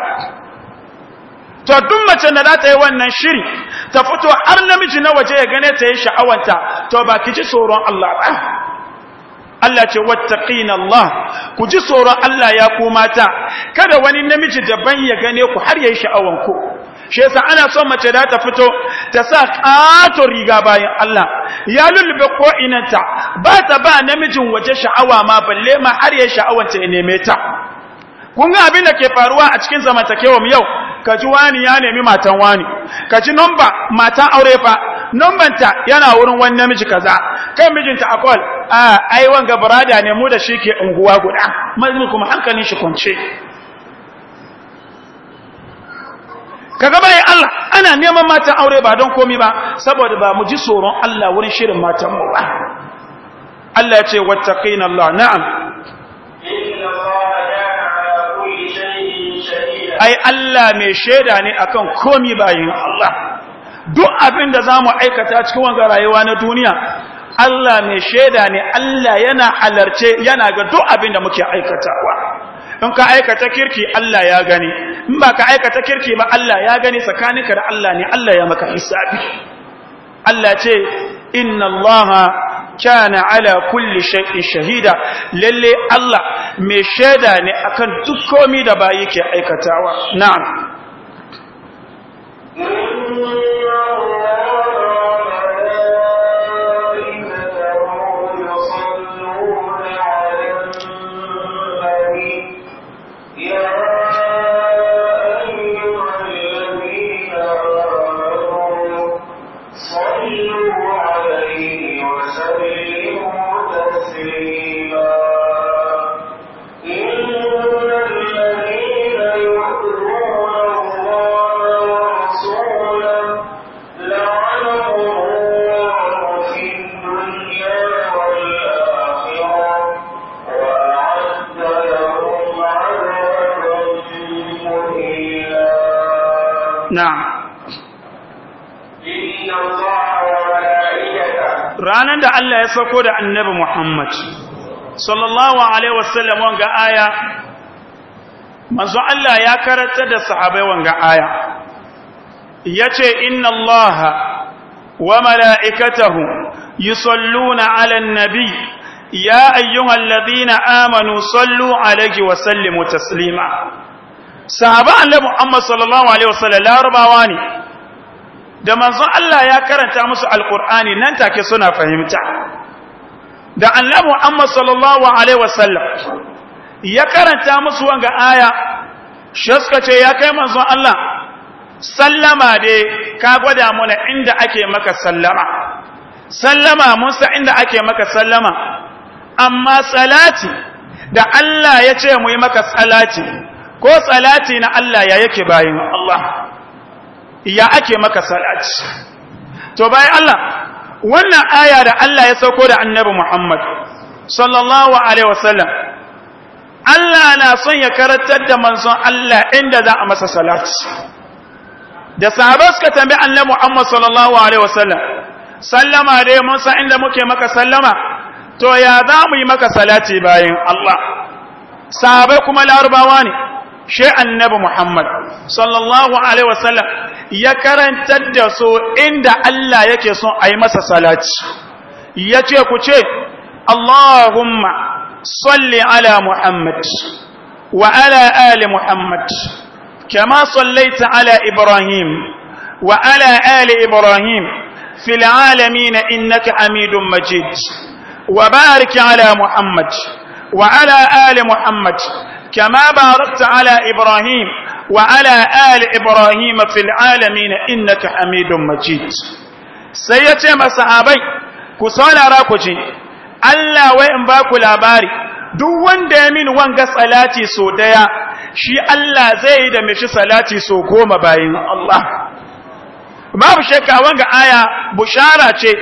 to duk mace da za ta yi wannan shiri ta fito har namiji na waje ya gane ta yi sha'awanta to ba ki ji tsoron Allah ba Allah ce wattaqina Allah ku ji tsoron Allah ya ku mata kada wani namiji daban ya gane ku har yayin sha'awan ku she yasa ana son mace da ta fito ta sa kato riga bayan Allah ya lulube ko inanta ba ta ba namijin waje sha'awa ma balle ma har yayin sha'awan ta neme ta kun ga abin da ke faruwa a cikin zamantakewar yau Ka ji wani ya nemi matan wani Ka ji number matan aure fa numbanta yana wurin wani namiji kaza kan mijinta a call a ai wanga burada ne mu da shi ke unguwa guda mazmi kuma hankalin shi kwance kaga bai Allah ana neman matan aure ba don komi ba saboda ba mu ji tsoron Allah wurin shirin matan mu ba Allah ya ce wattaqina Allah na'am ai Allah mai shaida ne akan komi bayin Allah duk abin da za mu aikata cikin wanga rayuwa na duniya Allah mai shaida ne Allah yana alarce yana ga duk abin da muke aikatawa in ka aikata kirki Allah ya gani in ba ka aikata kirki ba Allah ya gani tsakaninka da Allah ne Allah ya maka hisabi Allah ce inna Allah kana ala kulli shay'in shahida lalle Allah mai shaida ne akan duk komai da ba yake aikatawa na'am ranar da Allah ya sako da annabi Muhammad sallallahu alaihi wasallam wanga aya manzo Allah ya karanta da sahabbai wanga aya yace inna Allah wa mala'ikatahu yusalluna 'alan nabi ya ayyuhalladhina amanu sallu 'alaihi wa sallimu taslima sahaba annabi Muhammad sallallahu alaihi wasallam larabawa ne da manzon Allah ya karanta musu alkur'ani nan take suna fahimta da annabi Muhammad sallallahu alaihi wasallam ya karanta musu wanga aya shaska ce ya kai manzon Allah sallama dai ka gwada mana inda ake maka sallama sallama mun inda ake maka sallama amma salati da Allah ya ce mu yi maka salati ko salati na Allah ya yake bayin Allah ya ake maka salati to bayan Allah wannan aya da Allah ya sauko da annabi Muhammad sallallahu alaihi wasallam Allah na son ya karantar da manzon Allah inda za a masa salati da sahabbai suka tambayi annabi Muhammad sallallahu alaihi wasallam sallama dai mun san inda muke maka sallama to ya za mu yi maka salati bayan Allah sahabbai kuma larabawa ne shi annabi Muhammad sallallahu alaihi wasallam ya karantar da su inda Allah yake son a yi masa salati ya ce ku ce Allahumma salli ala Muhammad wa ala ali Muhammad kama sallaita ala Ibrahim wa ala ali Ibrahim fil alamin innaka amidun majid wa barik ala Muhammad wa ala ali Muhammad kama barakta ala Ibrahim وعلى آل إبراهيم في العالمين إنك حميد مجيد ku saurara ku ji. Allah wai in ba ku labari duk wanda ya min wanga salati sau daya shi Allah zai yi da mishi salati so goma bayin Allah babu shakka wanga aya bushara ce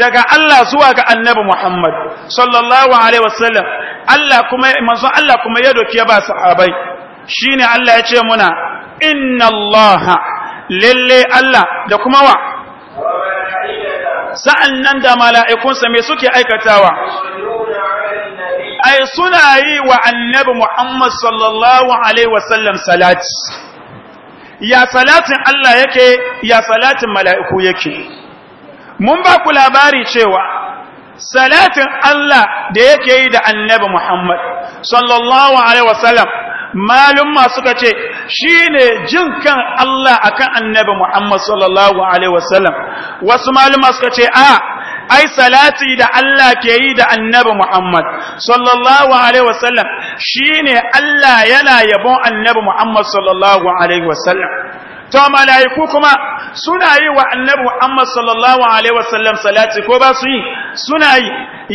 daga Allah zuwa ga annabi Muhammad sallallahu alaihi wasallam Allah kuma Allah kuma ya doki ya ba sahabbai Shi ne Allah ya ce muna inna Allaha, lalle Allah da kuma wa sa'an nan da mala'ikunsa mai suke aikatawa ai suna yi wa annabi Muhammad sallallahu alaihi wasallam salati ya salatin Allah yake ya salatin mala'iku yake mun ba ku labari cewa salatin Allah da yake yi da annabi Muhammad sallallahu alaihi wasallam malumma suka ce shine jin kan Allah akan annabi Muhammad sallallahu alaihi wasallam wasu malumma suka ce a ai salati da Allah ke yi da annabi Muhammad sallallahu alaihi wasallam shine Allah yana yabon annabi Muhammad sallallahu alaihi wasallam to malaiku kuma suna yi wa annabi Muhammad sallallahu alaihi wasallam salati ko ba su yi suna yi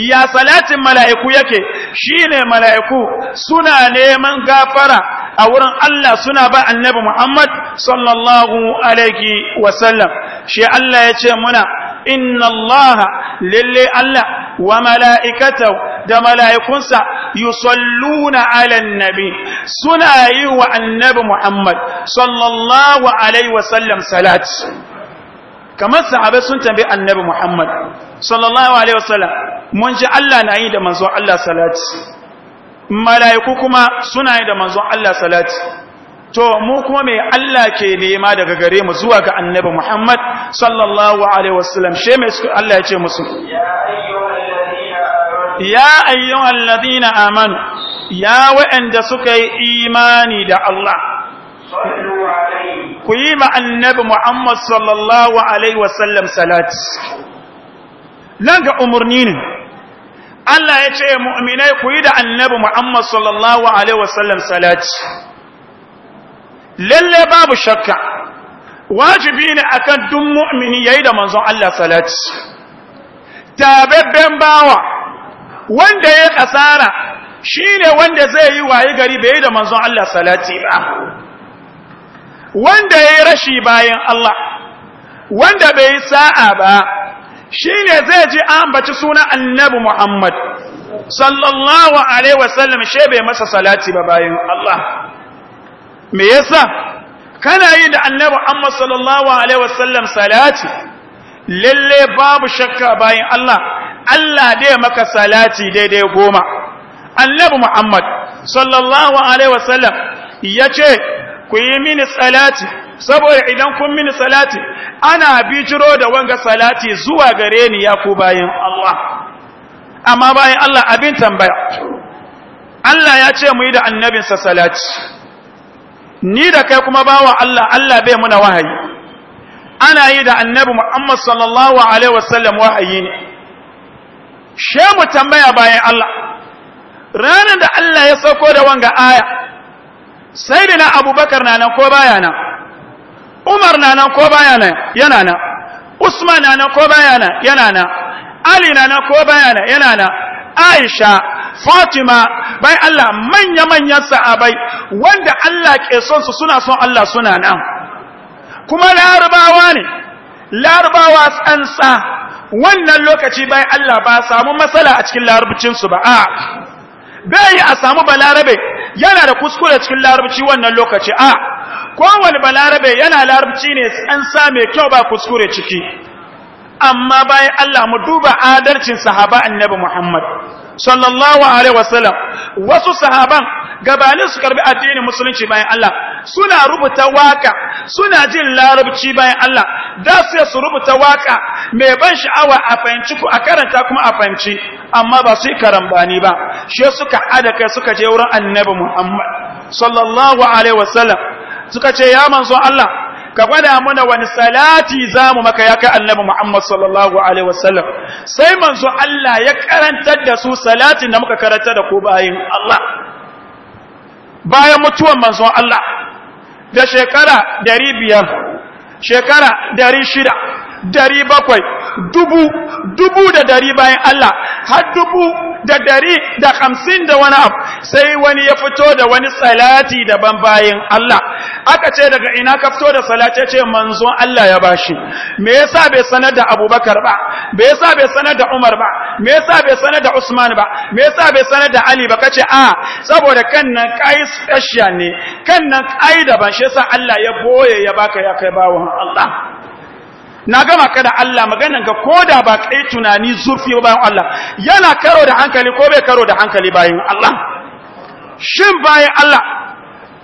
ya salatin mala'iku yake shine mala'iku suna neman gafara a wurin Allah suna ba annabi Muhammad sallallahu alaihi wasallam shi Allah ya ce muna inna Allah lalle Allah wa mala'ikatahu da mala'ikunsa yusalluna ala nabi suna yi wa annabi Muhammad sallallahu alaihi wa sallam salati kamar sahabai sun tambayi annabi Muhammad sallallahu alaihi wasallam mun ji Allah na yi da manzon Allah salati malaiku kuma suna yi da manzon Allah salati to mu kuma mai Allah ke nema daga gare mu zuwa ga annabi Muhammad sallallahu alaihi wasallam she mai Allah ya ce musu ya ayyuhal ladina amanu ya wa'anda suka yi imani da Allah ku yi ma annabi Muhammad sallallahu alaihi wasallam salati nan ga umurni ne Allah ya ce mu'minai ku yi da annabi Muhammad sallallahu alaihi wasallam salati lalle babu shakka wajibi ne akan duk mu'mini yayi da manzon Allah salati tababben bawa wanda ya kasara shine wanda zai yi waye gari bai da manzon Allah salati ba wanda yayi rashi bayan Allah wanda bai sa'a ba shine zai ji an bace sunan annabi Muhammad sallallahu alaihi wasallam shebe masa salati ba bayan Allah me yasa kana yi da annabi amma sallallahu alaihi wasallam salati lalle babu shakka bayan Allah Allah dai maka salati daidai goma annabi Muhammad sallallahu alaihi wasallam yace ku yi mini salati saboda idan kun mini salati ana bijiro da wanga salati zuwa gare ni ya ku bayan Allah amma bayan Allah abin tambaya Allah ya ce mu yi da annabinsa salati ni da kai kuma bawa Allah Allah bai muna wahayi ana yi da annabi Muhammad sallallahu alaihi wasallam wahayi ne she mu tambaya bayan Allah ranar da Allah ya sauko da wanga aya sai da abubakar na nan ko baya nan umar na nan ko baya nan yana nan usman na nan ko baya nan yana nan ali na nan ko baya nan yana nan aisha fatima bayan Allah manya-manyan sa'abai wanda Allah ke son su suna son Allah suna nan kuma larabawa ne larabawa tsansa wannan lokaci bayan Allah ba samu matsala a cikin larabcinsu ba a bai a samu balarabe yana da kuskure cikin larabci wannan lokaci a kowane balarabe yana larabci ne tsansa mai kyau ba kuskure ciki amma bayan Allah mu duba adalcin sahaba annabi Muhammad sallallahu alaihi wasallam wasu sahaban gabanin su karbi addinin musulunci bayan Allah suna rubuta waka suna jin larabci bayan Allah da su su rubuta waka mai ban sha'awa a fahimci ku a karanta kuma a fahimci amma ba su yi karambani ba shi suka hada kai suka je wurin annabi Muhammad sallallahu alaihi wasallam suka ce ya manzon Allah ka gwada mana wani salati za mu maka ya ka annabi Muhammad sallallahu alaihi wasallam sai manzo Allah ya karantar da su salatin da muka karanta da ku bayan Allah bayan mutuwan manzo Allah da shekara biyar, shekara dari bakwai, dubu dubu da dari bayan Allah har dubu da dari da hamsin da wani abu sai wani ya fito da wani salati daban bayan Allah aka ce daga ina ka fito da salati ce manzon Allah ya bashi me yasa bai sanar da Abubakar ba me yasa bai sanar da Umar ba me yasa bai sanar da Usman ba me yasa bai sanar da Ali ba kace a saboda kan kai special ne kan nan kai daban shi yasa Allah ya boye ya baka ya kai bawon Allah na gama kada Allah maganan ga koda ba kai tunani zurfi ba bayan Allah yana karo da hankali ko bai karo da hankali bayan Allah shin bayan Allah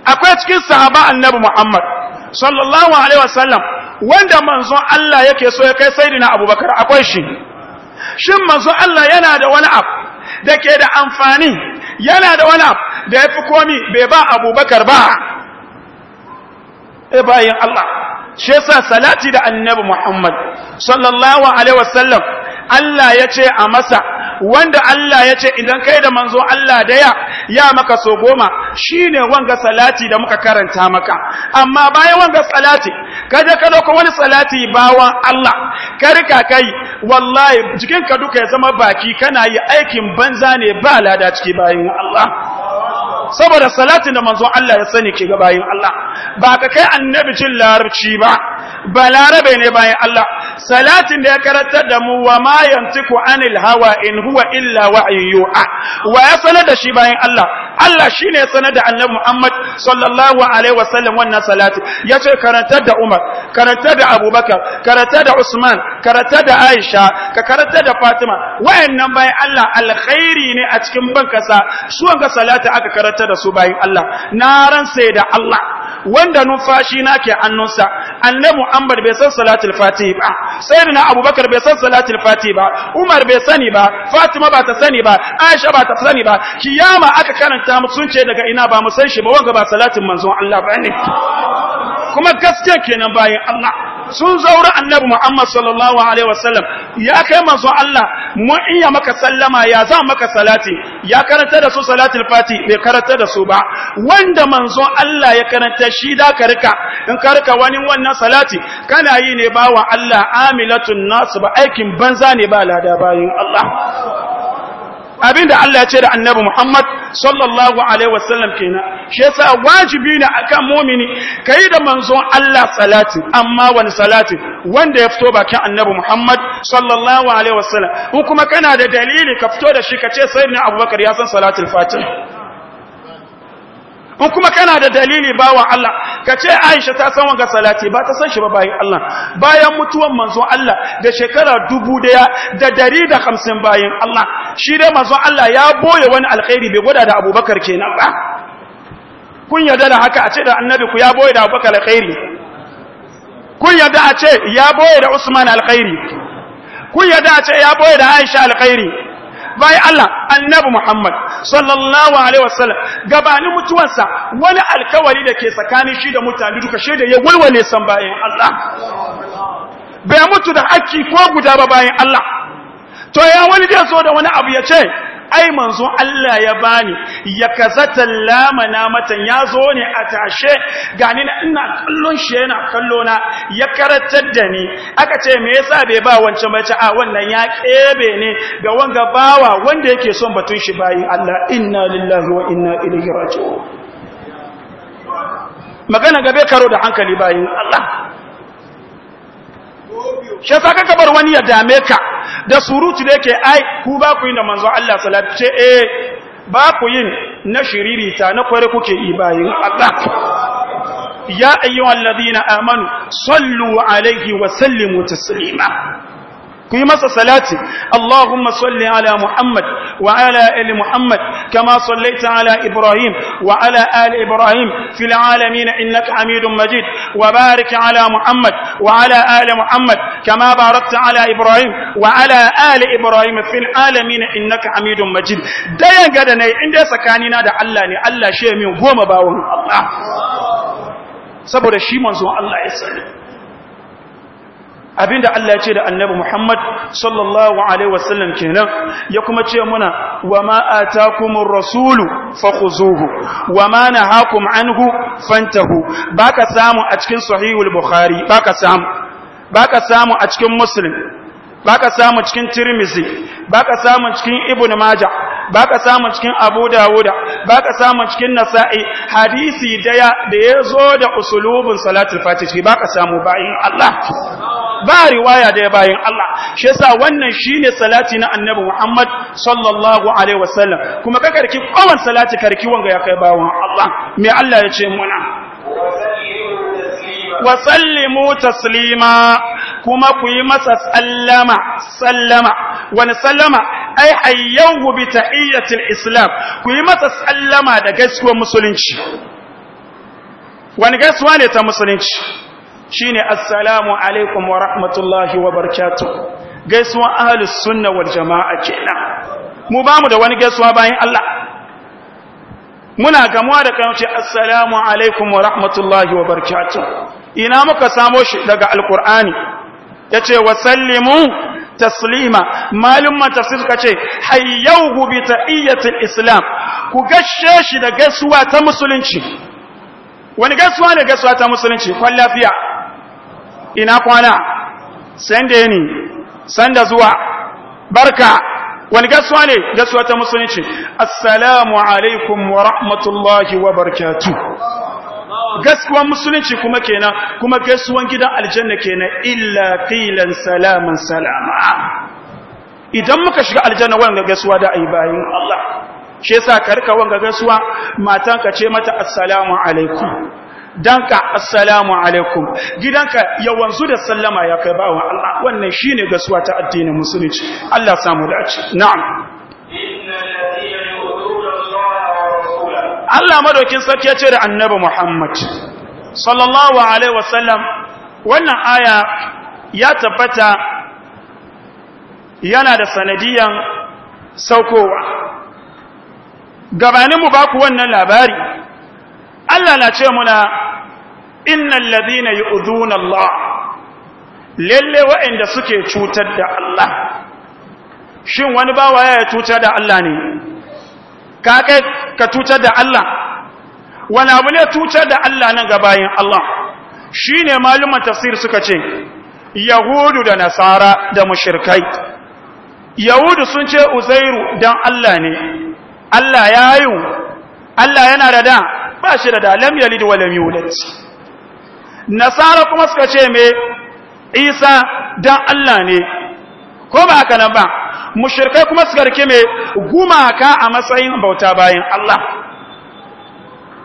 akwai cikin sahaba annabi Muhammad sallallahu alaihi wasallam wanda manzon Allah yake so ya kai sayyidina Abubakar akwai shi shin manzon Allah yana da wani abu da ke da amfani yana da wani abu da ya fi komi bai ba Abubakar ba e bayan Allah shi yasa salati da annabi Muhammad sallallahu alaihi wasallam Allah ya ce a masa wanda Allah ya ce idan kai da manzo Allah daya ya maka so goma shine wanga salati da muka karanta maka amma bayan wanga salati kaje ka dauko wani salati bawa Allah Karka kai wallahi jikinka duka ya zama baki kana yi aikin banza ne ba lada ciki bayan Allah saboda salatin da manzo Allah ya sani ke ga bayin Allah ba ka kai annabi cin larabci ba ba larabe ne bayan Allah salatin da ya karantar da mu wa ma yantiku anil hawa in huwa illa wa'yun yu'a wa ya sanar da shi bayan Allah Allah shine ya sanar da annabi Muhammad sallallahu alaihi wasallam wannan salati yace karantar da Umar karantar da Abubakar karantar da Usman karantar da Aisha ka karantar da Fatima wayannan bayan Allah alkhairi ne a cikin bankasa su wanga salati aka karanta azabta da su bayin Allah na ransa da Allah wanda numfashi na ke annunsa annabi Muhammad bai san salatul fatihi ba sayyidina Abubakar bai san salatul fatihi ba Umar bai sani ba Fatima ba ta sani ba Aisha ba ta sani ba kiyama aka karanta mu sun ce daga ina ba mu san shi ba wanga ba salatin manzon Allah bane kuma gaskiya kenan bayan Allah sun zaura annabi Muhammad sallallahu alaihi wasallam ya kai manzo Allah mu iya maka sallama ya za maka salati ya karanta da su salatul fati bai karanta da su ba wanda manzo Allah ya karanta shi da ka rika in ka rika wani wannan salati kana yi ne bawa Allah amilatun nasu ba aikin banza ne ba lada bayin Allah Abin da Allah ya ce da annabi Muhammad sallallahu alaihi wasallam kenan shi yasa wajibi ne akan mu'mini yi da manzon Allah salati amma wani salati wanda ya fito bakin annabi Muhammad sallallahu alaihi wasallam ko kuma kana da dalili ka fito da shi ka ce sayyidina Abubakar ya san salatul Fatiha in kuma kana da dalili bawa Allah ka ce Aisha ta san wanga salati ba ta san shi ba bayan Allah bayan mutuwan manzon Allah da shekara dubu daya da dari da hamsin bayan Allah shi dai manzon Allah ya boye wani alkhairi bai gwada da Abubakar kenan ba kun yarda da haka a ce da annabi ku ya boye da Abubakar alkhairi kun yarda a ce ya boye da Usman alkhairi kun yarda a ce ya boye da Aisha alkhairi bayan Allah annabi Muhammad sallallahu alaihi wasallam gabanin mutuwarsa wani alkawari da ke tsakanin shi da mutane duka shaida ya walwale san bayan Allah bai mutu da hakki ko guda ba bayan Allah to ya wani zai zo da wani abu ya ce ai manzo Allah ya bani ya kazata lamana matan ya zo ne a tashe gani na ina kallon shi yana kallo na ya karatar da ni aka ce me yasa bai ba wancan mace a wannan ya kebe ne ga wanga bawa wanda yake son batun shi bayin Allah inna lillahi wa inna ilaihi raji'un magana gabe karo da hankali bayin Allah shi yasa ka bar wani ya dame ka da surutu da yake ai ku ba ku yin da manzo Allah salatu ce eh ba ku yin na shiririta na kware kuke ibayin Allah ya ladina amanu sallu alaihi wa sallimu taslima كي مسا صلاتي اللهم صل على محمد وعلى آل محمد كما صليت على إبراهيم وعلى آل إبراهيم في العالمين إنك حميد مجيد وبارك على محمد وعلى آل محمد كما باركت على إبراهيم وعلى آل إبراهيم في العالمين إنك حميد مجيد دايان قدنا عند سكاننا دا الله ني الله شيء من هو مباوه الله سبب الشيء منزو الله يسلم abinda Allah ya ce da annabi Muhammad sallallahu alaihi wasallam kenan ya kuma ce muna wama atakumur rasulu fakhuzuhu wama nahakum anhu fantahu baka samu a cikin sahihul bukhari baka samu baka samu a cikin muslim baka samu cikin tirmizi baka samu cikin ibnu maja baka samu cikin abu dawuda baka samu cikin nasa'i hadisi daya da ya zo da usulubin salatul fatihi baka samu bayin Allah ba riwaya da bayin Allah shi yasa wannan shine salati na annabi Muhammad sallallahu alaihi wasallam kuma ka karki kowan salati karki wanga ya kai bawon Allah me Allah ya ce muna wa taslima kuma ku yi masa sallama sallama wani sallama ai hayyahu bi tahiyyatil islam ku yi masa sallama da gaisuwar musulunci wani gaisuwa ne ta musulunci shine assalamu alaikum wa rahmatullahi wa barakatuh gaisuwar ahlus sunna wal jama'a kenan mu bamu da wani gaisuwa bayan Allah muna gamuwa da kan ce assalamu alaikum wa rahmatullahi wa barakatuh ina muka samo shi daga alqur'ani yace wa sallimu taslima malumma tafsir kace hayyuhu bi ta'iyatil islam ku gashe shi da gaisuwa ta musulunci wani gaisuwa ne gaisuwa ta musulunci kwan lafiya ina kwana sande ni sanda zuwa barka wani gaisuwa ne gaisuwa ta musulunci assalamu alaikum wa rahmatullahi wa barkatu. gaskuwan musulunci kuma kenan kuma gaisuwan gidan aljanna kenan illa qilan salaman salama idan muka shiga aljanna wannan gaskuwa da ayi bayin Allah shi yasa ka rika wanga matan ka ce mata assalamu alaikum Dan ka assalamu alaikum gidanka yawanzu da sallama ya kai bawo Allah wannan shine gaskuwa ta addinin musulunci Allah samu dace na'am Allah madaukin sarki ya ce da annabi Muhammad sallallahu alaihi wasallam wannan aya ya tabbata yana da sanadiyan saukowa gabanin mu baku wannan labari Allah na ce muna innal ladina yu'dhuna Allah lalle wa'anda suke cutar da Allah shin wani bawa ya cutar da Allah ne ka kai ka cutar da Allah wani abu ne cutar da Allah nan ga bayan Allah shi ne maluman tafsir suka ce yahudu da nasara da mushirikai. yahudu sun ce uzairu dan Allah ne Allah ya yi Allah yana da da ba shi da da lam yalid wa lam yulad nasara kuma suka ce me isa dan Allah ne ko ba haka nan ba mushirkai kuma su garke mai gumaka a matsayin bauta bayan Allah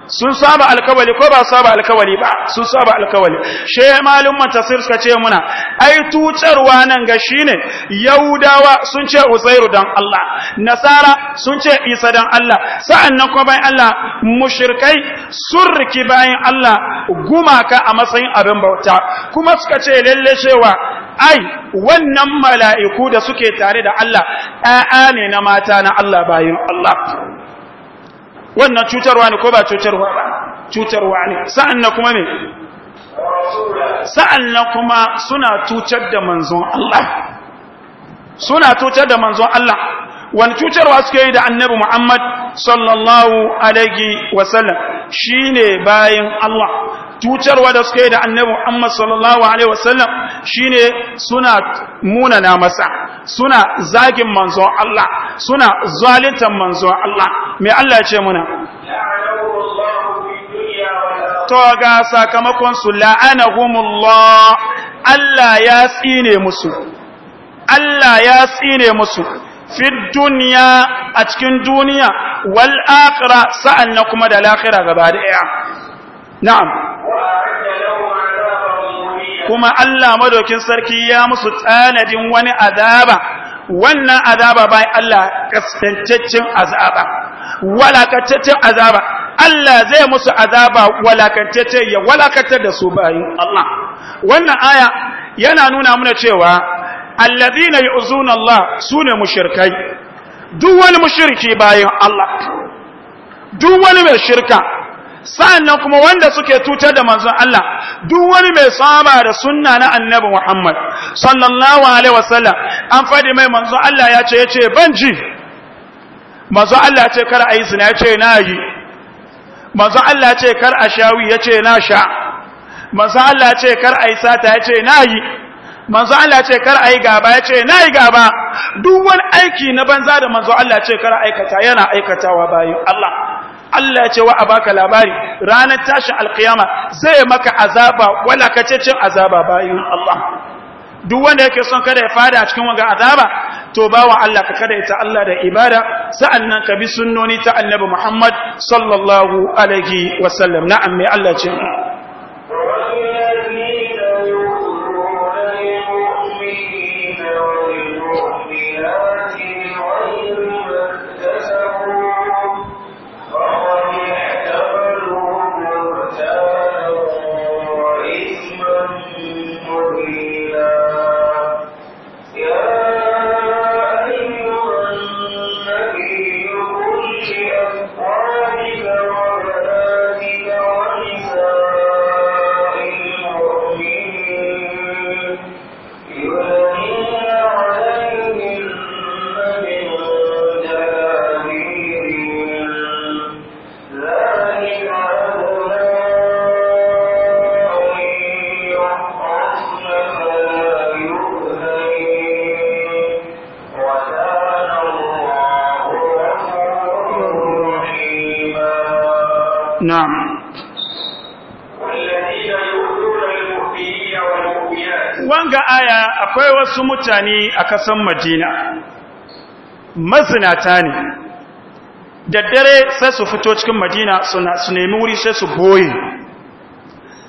sun saba alkawali ko ba saba alkawali ba sun saba alkawali shehe malum matasir suka ce muna ai tucarwa nan ga ne? yahudawa sun ce usairu dan Allah nasara sun ce isa dan Allah sa'annan ko bayan Allah mushrikai sun riki bayan Allah gumaka a matsayin abin bauta kuma suka ce lalle cewa ai wannan mala'iku da suke tare da Allah a'a ne na mata na Allah bayin Allah wannan cutarwa ne ko ba cutarwa ba cutarwa ne sa'an na kuma ne sa'an na kuma suna cutar da manzon Allah suna cutar da manzon Allah wani cutarwa suke yi da annabi Muhammad sallallahu alaihi wasallam shine bayan Allah cutarwa da suke yi da annabi Muhammad sallallahu alaihi wasallam shine suna munana masa suna zagin manzon Allah suna zalintan manzon Allah me Allah ya ce muna to ga sakamakon su la'anahumullah Allah ya tsine musu Allah ya tsine musu fi duniya a cikin duniya wal akhirah sa'an na kuma da lakhira gaba da daya na'am kuma Allah madaukin sarki ya musu tsanadin wani azaba wannan azaba bai Allah kaskantaccen azaba walakantaccen azaba Allah zai musu azaba walakantacce ya walakantar da su bayin Allah wannan aya yana nuna mana cewa allazina yu'zuna Allah sune mushrikai duk wani mushriki bayan Allah duk wani mai shirka sa'annan kuma wanda suke tutar da manzon Allah duk wani mai saba da sunna na annabi Muhammad sallallahu alaihi wasallam an faɗi mai manzon Allah ya ce yace ban ji manzon Allah ce kar a yi zina yace na yi manzon Allah ce kar a shawi yace na sha manzon Allah ce kar a yi sata yace na yi manzo Allah ce kar ai gaba ya ce na yi gaba duk wani aiki na banza da manzo Allah ce kar aikata yana aikatawa bayan Allah Allah ya ce wa abaka labari ranar tashin alkiyama zai maka azaba wala kacecin azaba bayan Allah duk wanda yake son kada ya fada a cikin wanga azaba to bawa Allah ka kada ita Allah da ibada sa'annan ka bi sunnoni ta annabi Muhammad sallallahu alaihi wasallam na'am mai Allah ce wanga aya akwai wasu mutane a kasan madina mazinata ne da dare sai su fito cikin madina su nemi wuri sai su boye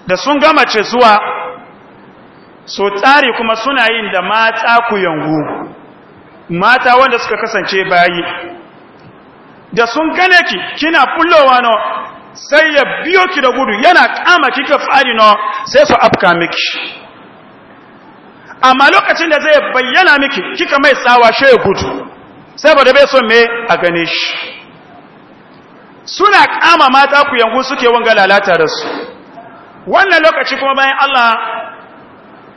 da sun gama ce zuwa so tsari kuma suna yin da mata ku yangu mata wanda suka kasance bayi da sun gane ki kina fullowa no sai ya biyo ki da gudu yana kama kika fadi no sai su afka miki amma lokacin da zai bayyana miki kika mai tsawa shi ya gudu saboda bai son me a gane shi suna kama mata ku yangu suke wanga lalata da su wannan lokaci kuma bayan Allah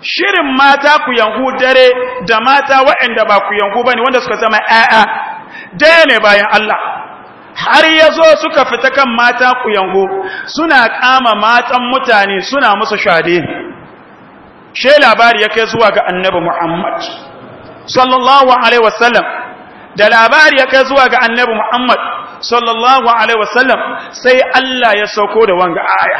shirin mata ku yangu dare da mata waɗanda ba ku yangu ne wanda suka zama ƴaƴa daya ne bayan Allah har ya zo suka fita kan mata ku yangu suna kama matan mutane suna musu shade she labari ya kai zuwa ga annabi Muhammad sallallahu alaihi wasallam da labari ya kai zuwa ga annabi Muhammad sallallahu alaihi wasallam sai Allah ya sauko da wanga aya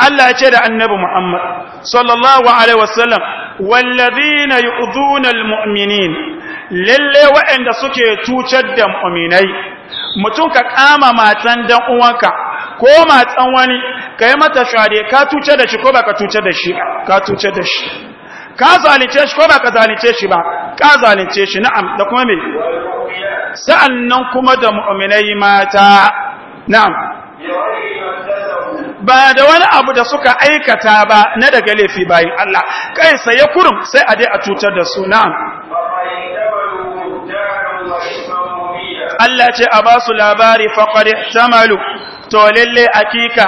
Allah ya ce da annabi Muhammad sallallahu alaihi wasallam wallazina yu'dhuna almu'minin lalle waɗanda suke tucar da mu'minai mutum ka kama matan dan uwanka ko matsan wani ka yi mata fyaɗe ka tuce da shi ko ba ka tuce da shi ka tuce da shi ka zalice shi ko ba ka zalice shi ba ka zalice shi na'am da kuma me Sa'annan kuma da mu'minai mata na'am ba da wani abu da suka aikata ba na daga laifi bayan Allah kai sai kurum sai a dai a tutar da su na'am Allah ce a ba su labari ta ihtamalu to lalle akika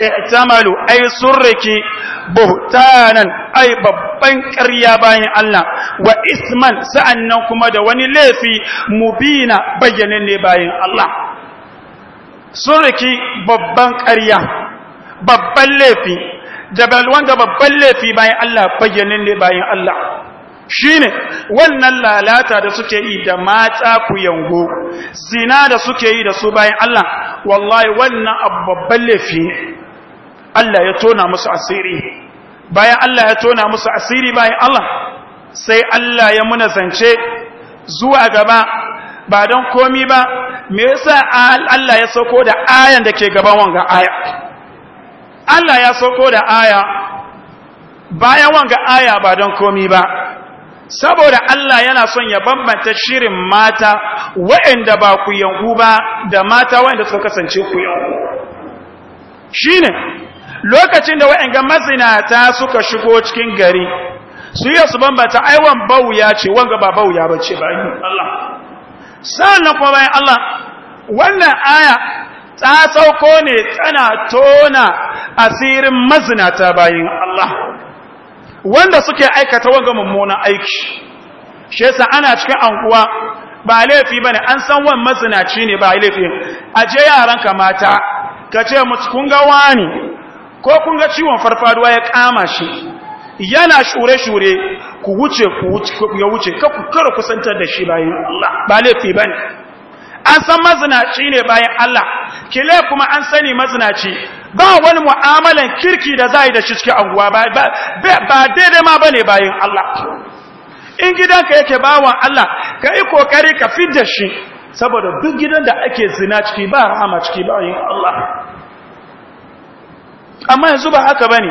i'tamalu ay surriki buhtanan ay babban ƙarya bayan Allah wa isman sa'annan kuma da wani laifi mubina bayyanin ne bayan Allah surriki babban ƙarya babban laifi da wanda babban laifi bayan Allah bayyanin ne bayan Allah shine wannan lalata da suke yi da mata ku yango zina da suke yi da su bayan Allah wallahi wannan babban laifi Allah ya tona musu asiri bayan Allah ya tona musu asiri bayan Allah sai Allah ya muna zance zuwa gaba ba don komi ba me yasa Allah ya sauko da ayan da ke gaban wanga aya Allah ya sauko da aya bayan wanga aya ba don komi ba saboda Allah yana son ya bambanta shirin mata waɗanda ba ku yanku ba da mata waɗanda suka kasance ku yanku ne lokacin da waɗanda mazinata suka shigo cikin gari su yi su bambanta aiwan bauya ce wanga ba bauya ba ce bayan Allah sannan kuma bayan Allah wannan aya ta sauko ne tana tona asirin mazinata bayan Allah wanda suke aikata wanga mummunan aiki shi yasa ana cikin anguwa ba laifi bane an san wan mazinaci ne ba laifi aje ka mata ka ce musu kun ga wani ko kun ga ciwon farfaduwa ya kama shi yana shure-shure ku wuce ku ya wuce ka ku kara kusantar da shi bayan Allah ba laifi bane an san mazinaci ne bayan Allah kile kuma an sani mazinaci ba wani mu'amalan kirki da za yi da shi cikin anguwa ba daidai ma ba ne bayan Allah in gidanka yake bawan Allah ka yi kokari ka fi da shi saboda duk gidan da ake zina ciki ba rahama ciki bayan Allah amma yanzu ba haka ba ne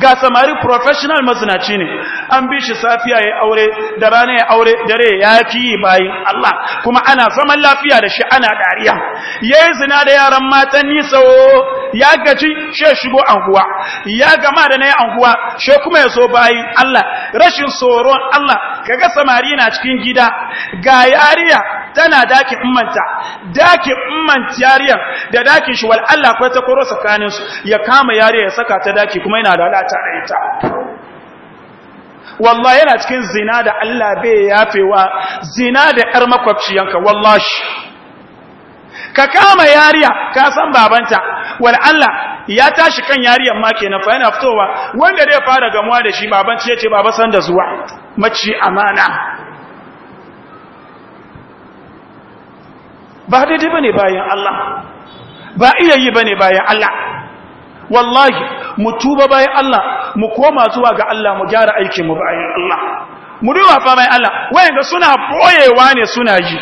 ga samari professional mazinaci ne an bi shi safiya ya aure da rana ya aure dare ya fi bayan Allah kuma ana zaman lafiya da shi ana dariya ya yi zina da yaran matan nisa ya gaji shi shigo huwa ya gama da na yi anguwa shi kuma ya so bayan Allah rashin tsoron Allah ga samari na cikin gida ga yariya tana daki ummanta daki ummanta yariya da dakin shi wal Allah kwai ta tsakaninsu ya kama yariya ya saka ta daki kuma yana da wala ta aita wallahi yana cikin zina da Allah bai yafewa zina da ƴar makwabciyanka wallahi ka kama yariya ka san babanta wal Allah ya tashi kan yariyan ma kenan fa yana fitowa wanda zai fara gamuwa da shi baban ce baba san da zuwa mace amana ba daidai bane bayan Allah ba iya yi bane bayan Allah wallahi mu tuba bayan Allah mu koma zuwa ga Allah mu gyara aikin mu bayan Allah mu duba fa bayan Allah wayanda suna boyewa ne suna yi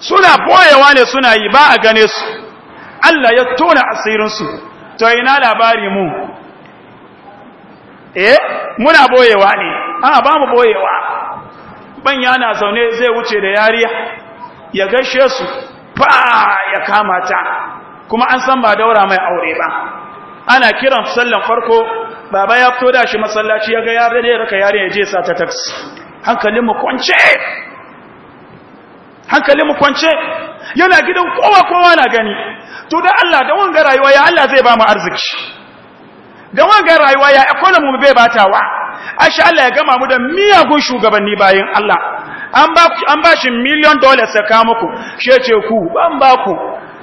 suna boyewa ne suna yi ba a gane su Allah ya tona asirin su to ina labari mu eh muna boyewa ne a ba mu boyewa ban yana zaune zai wuce da yariya ya gaishe su fa ya kamata, kuma an san ba daura mai aure ba ana kiran sallan farko baba ya fito da shi masallaci ya ga ya rade raka yare ya je sa ta taxi hankalin mu kwance hankalin mu kwance yana gidan kowa kowa na gani to da Allah da wanga rayuwa ya Allah zai ba mu arziki da wanga rayuwa ya economy mu bai batawa ashe Allah ya gama mu da miyagun shugabanni bayin Allah an ba shi million dollars ya kawo muku shi ce ku ban ba ku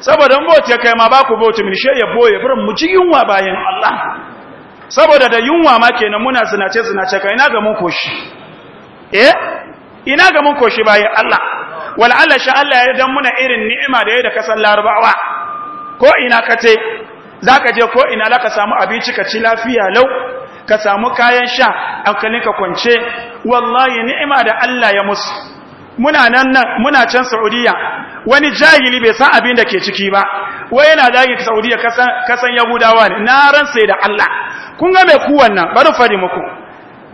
saboda mboti ya kai ma ba ku bautu min ya boye birin mu ji yunwa bayan Allah saboda da yunwa ma kenan muna zinace zinace kai ina ga mun koshi eh ina ga mun koshi bayan Allah wal Allah sha Allah ya dan muna irin ni'ima da yayin da kasan larabawa ko ina kace zaka je ko ina laka samu abinci ka ci lafiya lau ka samu kayan sha ka kwance wallahi ni'ima da Allah ya musu muna nan nan muna can saudiya wani jahili bai san abin da ke ciki ba wai yana zagi saudiya kasan kasan yahudawa ne na ran sai da Allah kun ga mai ku wannan bari fari muku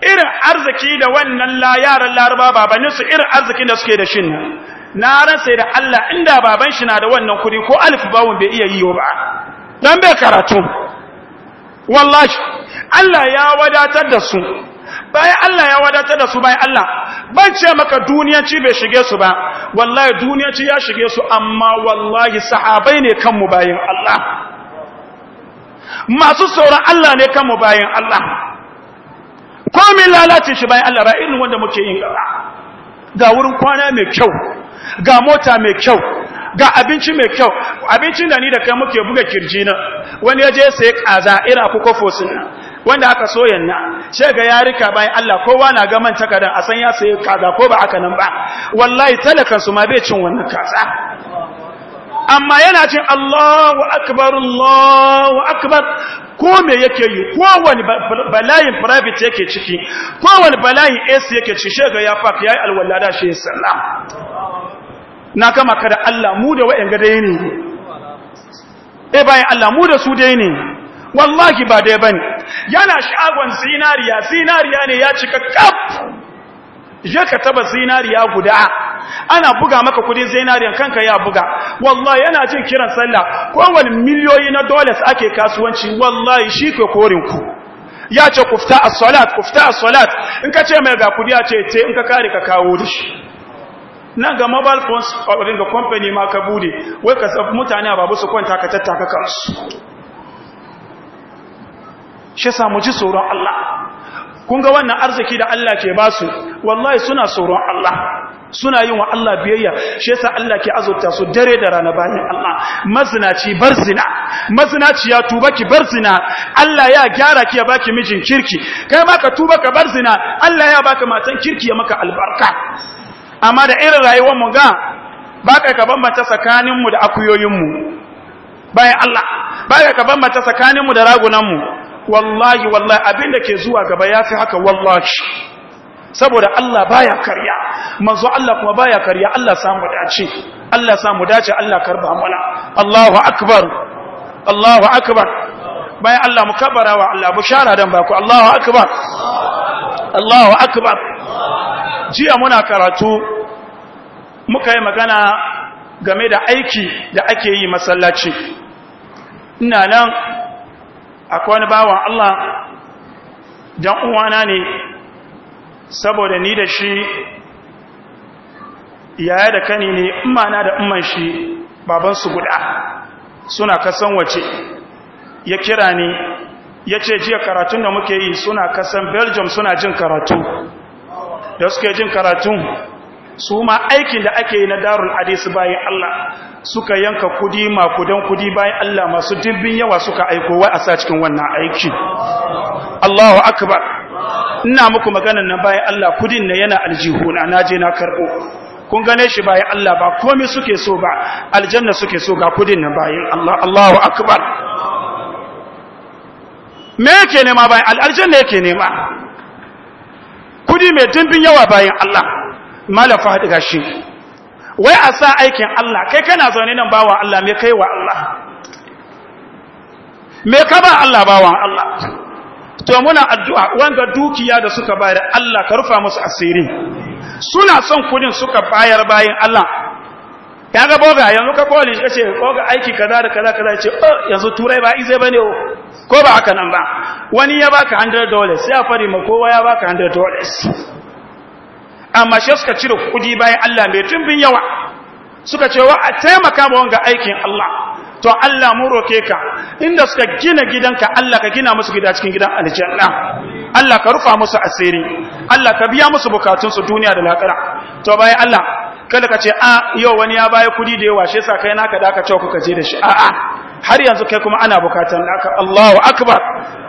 irin arziki da wannan la yaran laraba babanin su irin arzikin da suke da shin nan na ran sai da Allah inda baban shi na da wannan kuɗi ko alif bawun bai iya yi ba dan bai karatu wallahi Allah ya wadatar da su bayan Allah ya wadatar da su bayan Allah ban ce maka duniyanci bai shige su ba wallahi duniyanci ya shige su amma wallahi sahabai ne kanmu bayan Allah masu sauran Allah ne kanmu bayan Allah komin lalace shi bayan Allah ra'ayin irin wanda muke yin ga wurin kwana mai kyau ga mota mai kyau ga abinci mai kyau abincin da ni da kai muke buga kirji na wani ya je sai kaza ira ku kofosin wanda aka soyan na she ga yarika bayan Allah kowa na ga man takadan a san ya sayi kaza ko ba aka nan ba wallahi talakan su ma bai cin wannan kaza amma yana cin Allahu akbar Allahu akbar ko me yake yi kowani balayin private yake ciki kowani balayi AC yake ciki she ga ya fak yayi alwallada shi sallam na kama kada Allah mu da wa'en ga dai ne eh bayan Allah mu da su dai ne wallahi ba dai bane yana shagon zinariya zinariya ne ya cika kaf je ka taba zinariya guda ana buga maka kudin zinariyan kanka ya buga wallahi yana jin kiran sallah kowane miliyoyi na dollars ake kasuwanci wallahi shi ke korin ku ya ce kufta as-salat kufta as-salat in ka ce mai ga kudi ya ce te in ka kare ka kawo dishi nan ga mobile phones ga company ma ka bude wai ka mutane a babu su kwanta ka tattaka kansu shi samu ji tsoron Allah kun ga wannan arziki da Allah ke ba su wallahi suna tsoron Allah suna yin wa Allah biyayya shi yasa Allah ke azurta su dare da rana bayan Allah mazinaci bar zina mazinaci ya tuba ki bar zina Allah ya gyara ki ya baki mijin kirki kai ma ka tuba ka bar zina Allah ya baka matan kirki ya maka albarka amma da irin rayuwar mu ga baka ka bambanta tsakanin mu da akuyoyin mu bayan Allah baka ka bambanta tsakanin mu da ragunan mu wallahi wallahi abin da ke zuwa gaba ya fi haka wallahi saboda Allah baya karya manzo Allah kuma baya karya Allah samu dace Allah samu dace Allah karba mana Allahu akbar Allahu akbar bayan Allah mukabbara wa Allah bushara dan baku Allahu akbar Allahu akbar jiya muna karatu muka yi magana game da aiki da ake yi masallaci ina nan akwai wani bawan Allah dan uwana ne saboda ni da shi yaya da kani ne na da umman shi babansu guda suna kasan wace ya kira ni ya ce jiya karatun da muke yi suna kasan belgium suna jin karatu da suke jin karatu. su ma aikin da ake yi na darul hadis bayan Allah suka yanka kudi kudan kudi bayan Allah masu dimbin yawa suka aiko wai a sa cikin wannan aiki Allahu akbar ina muku maganar nan bayan Allah kudin ne yana aljihuna naje na karbo kun gane shi bayan Allah ba komai suke so ba aljanna suke so ga kudin nan bayan Allah Allahu akbar me yake nema bayan aljanna yake nema kudi mai dimbin yawa bayan Allah malam fahad gashi wai a sa aikin Allah kai kana zaune nan bawa Allah me kai wa Allah me ka ba Allah Bawa Allah to muna addu'a wanda dukiya da suka bayar Allah ka rufa musu asiri suna son kudin suka bayar bayin Allah ya ga boga yanzu ka koli ka ce boga aiki kaza da kaza kaza ce oh yanzu turai ba izai bane ko ba haka nan ba wani ya baka 100 dollars ya fari ma kowa ya baka 100 dollars amma shi suka cire kudi bayan Allah mai tumbin yawa suka ce wa a taimaka ba wanga aikin Allah to Allah mu roke ka inda suka gina gidanka Allah ka gina musu gida cikin gidan aljanna Allah ka rufa musu asiri Allah ka biya musu bukatun su duniya da lakara to bayan Allah kada ka ce a ah, yau wani ya baya kudi da yawa shi yasa kai naka da ka cewa kuka je da shi a har yanzu kai kuma ana bukatan naka Allahu akbar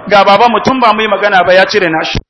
ga baba mutum ba mu magana ba ya cire nashi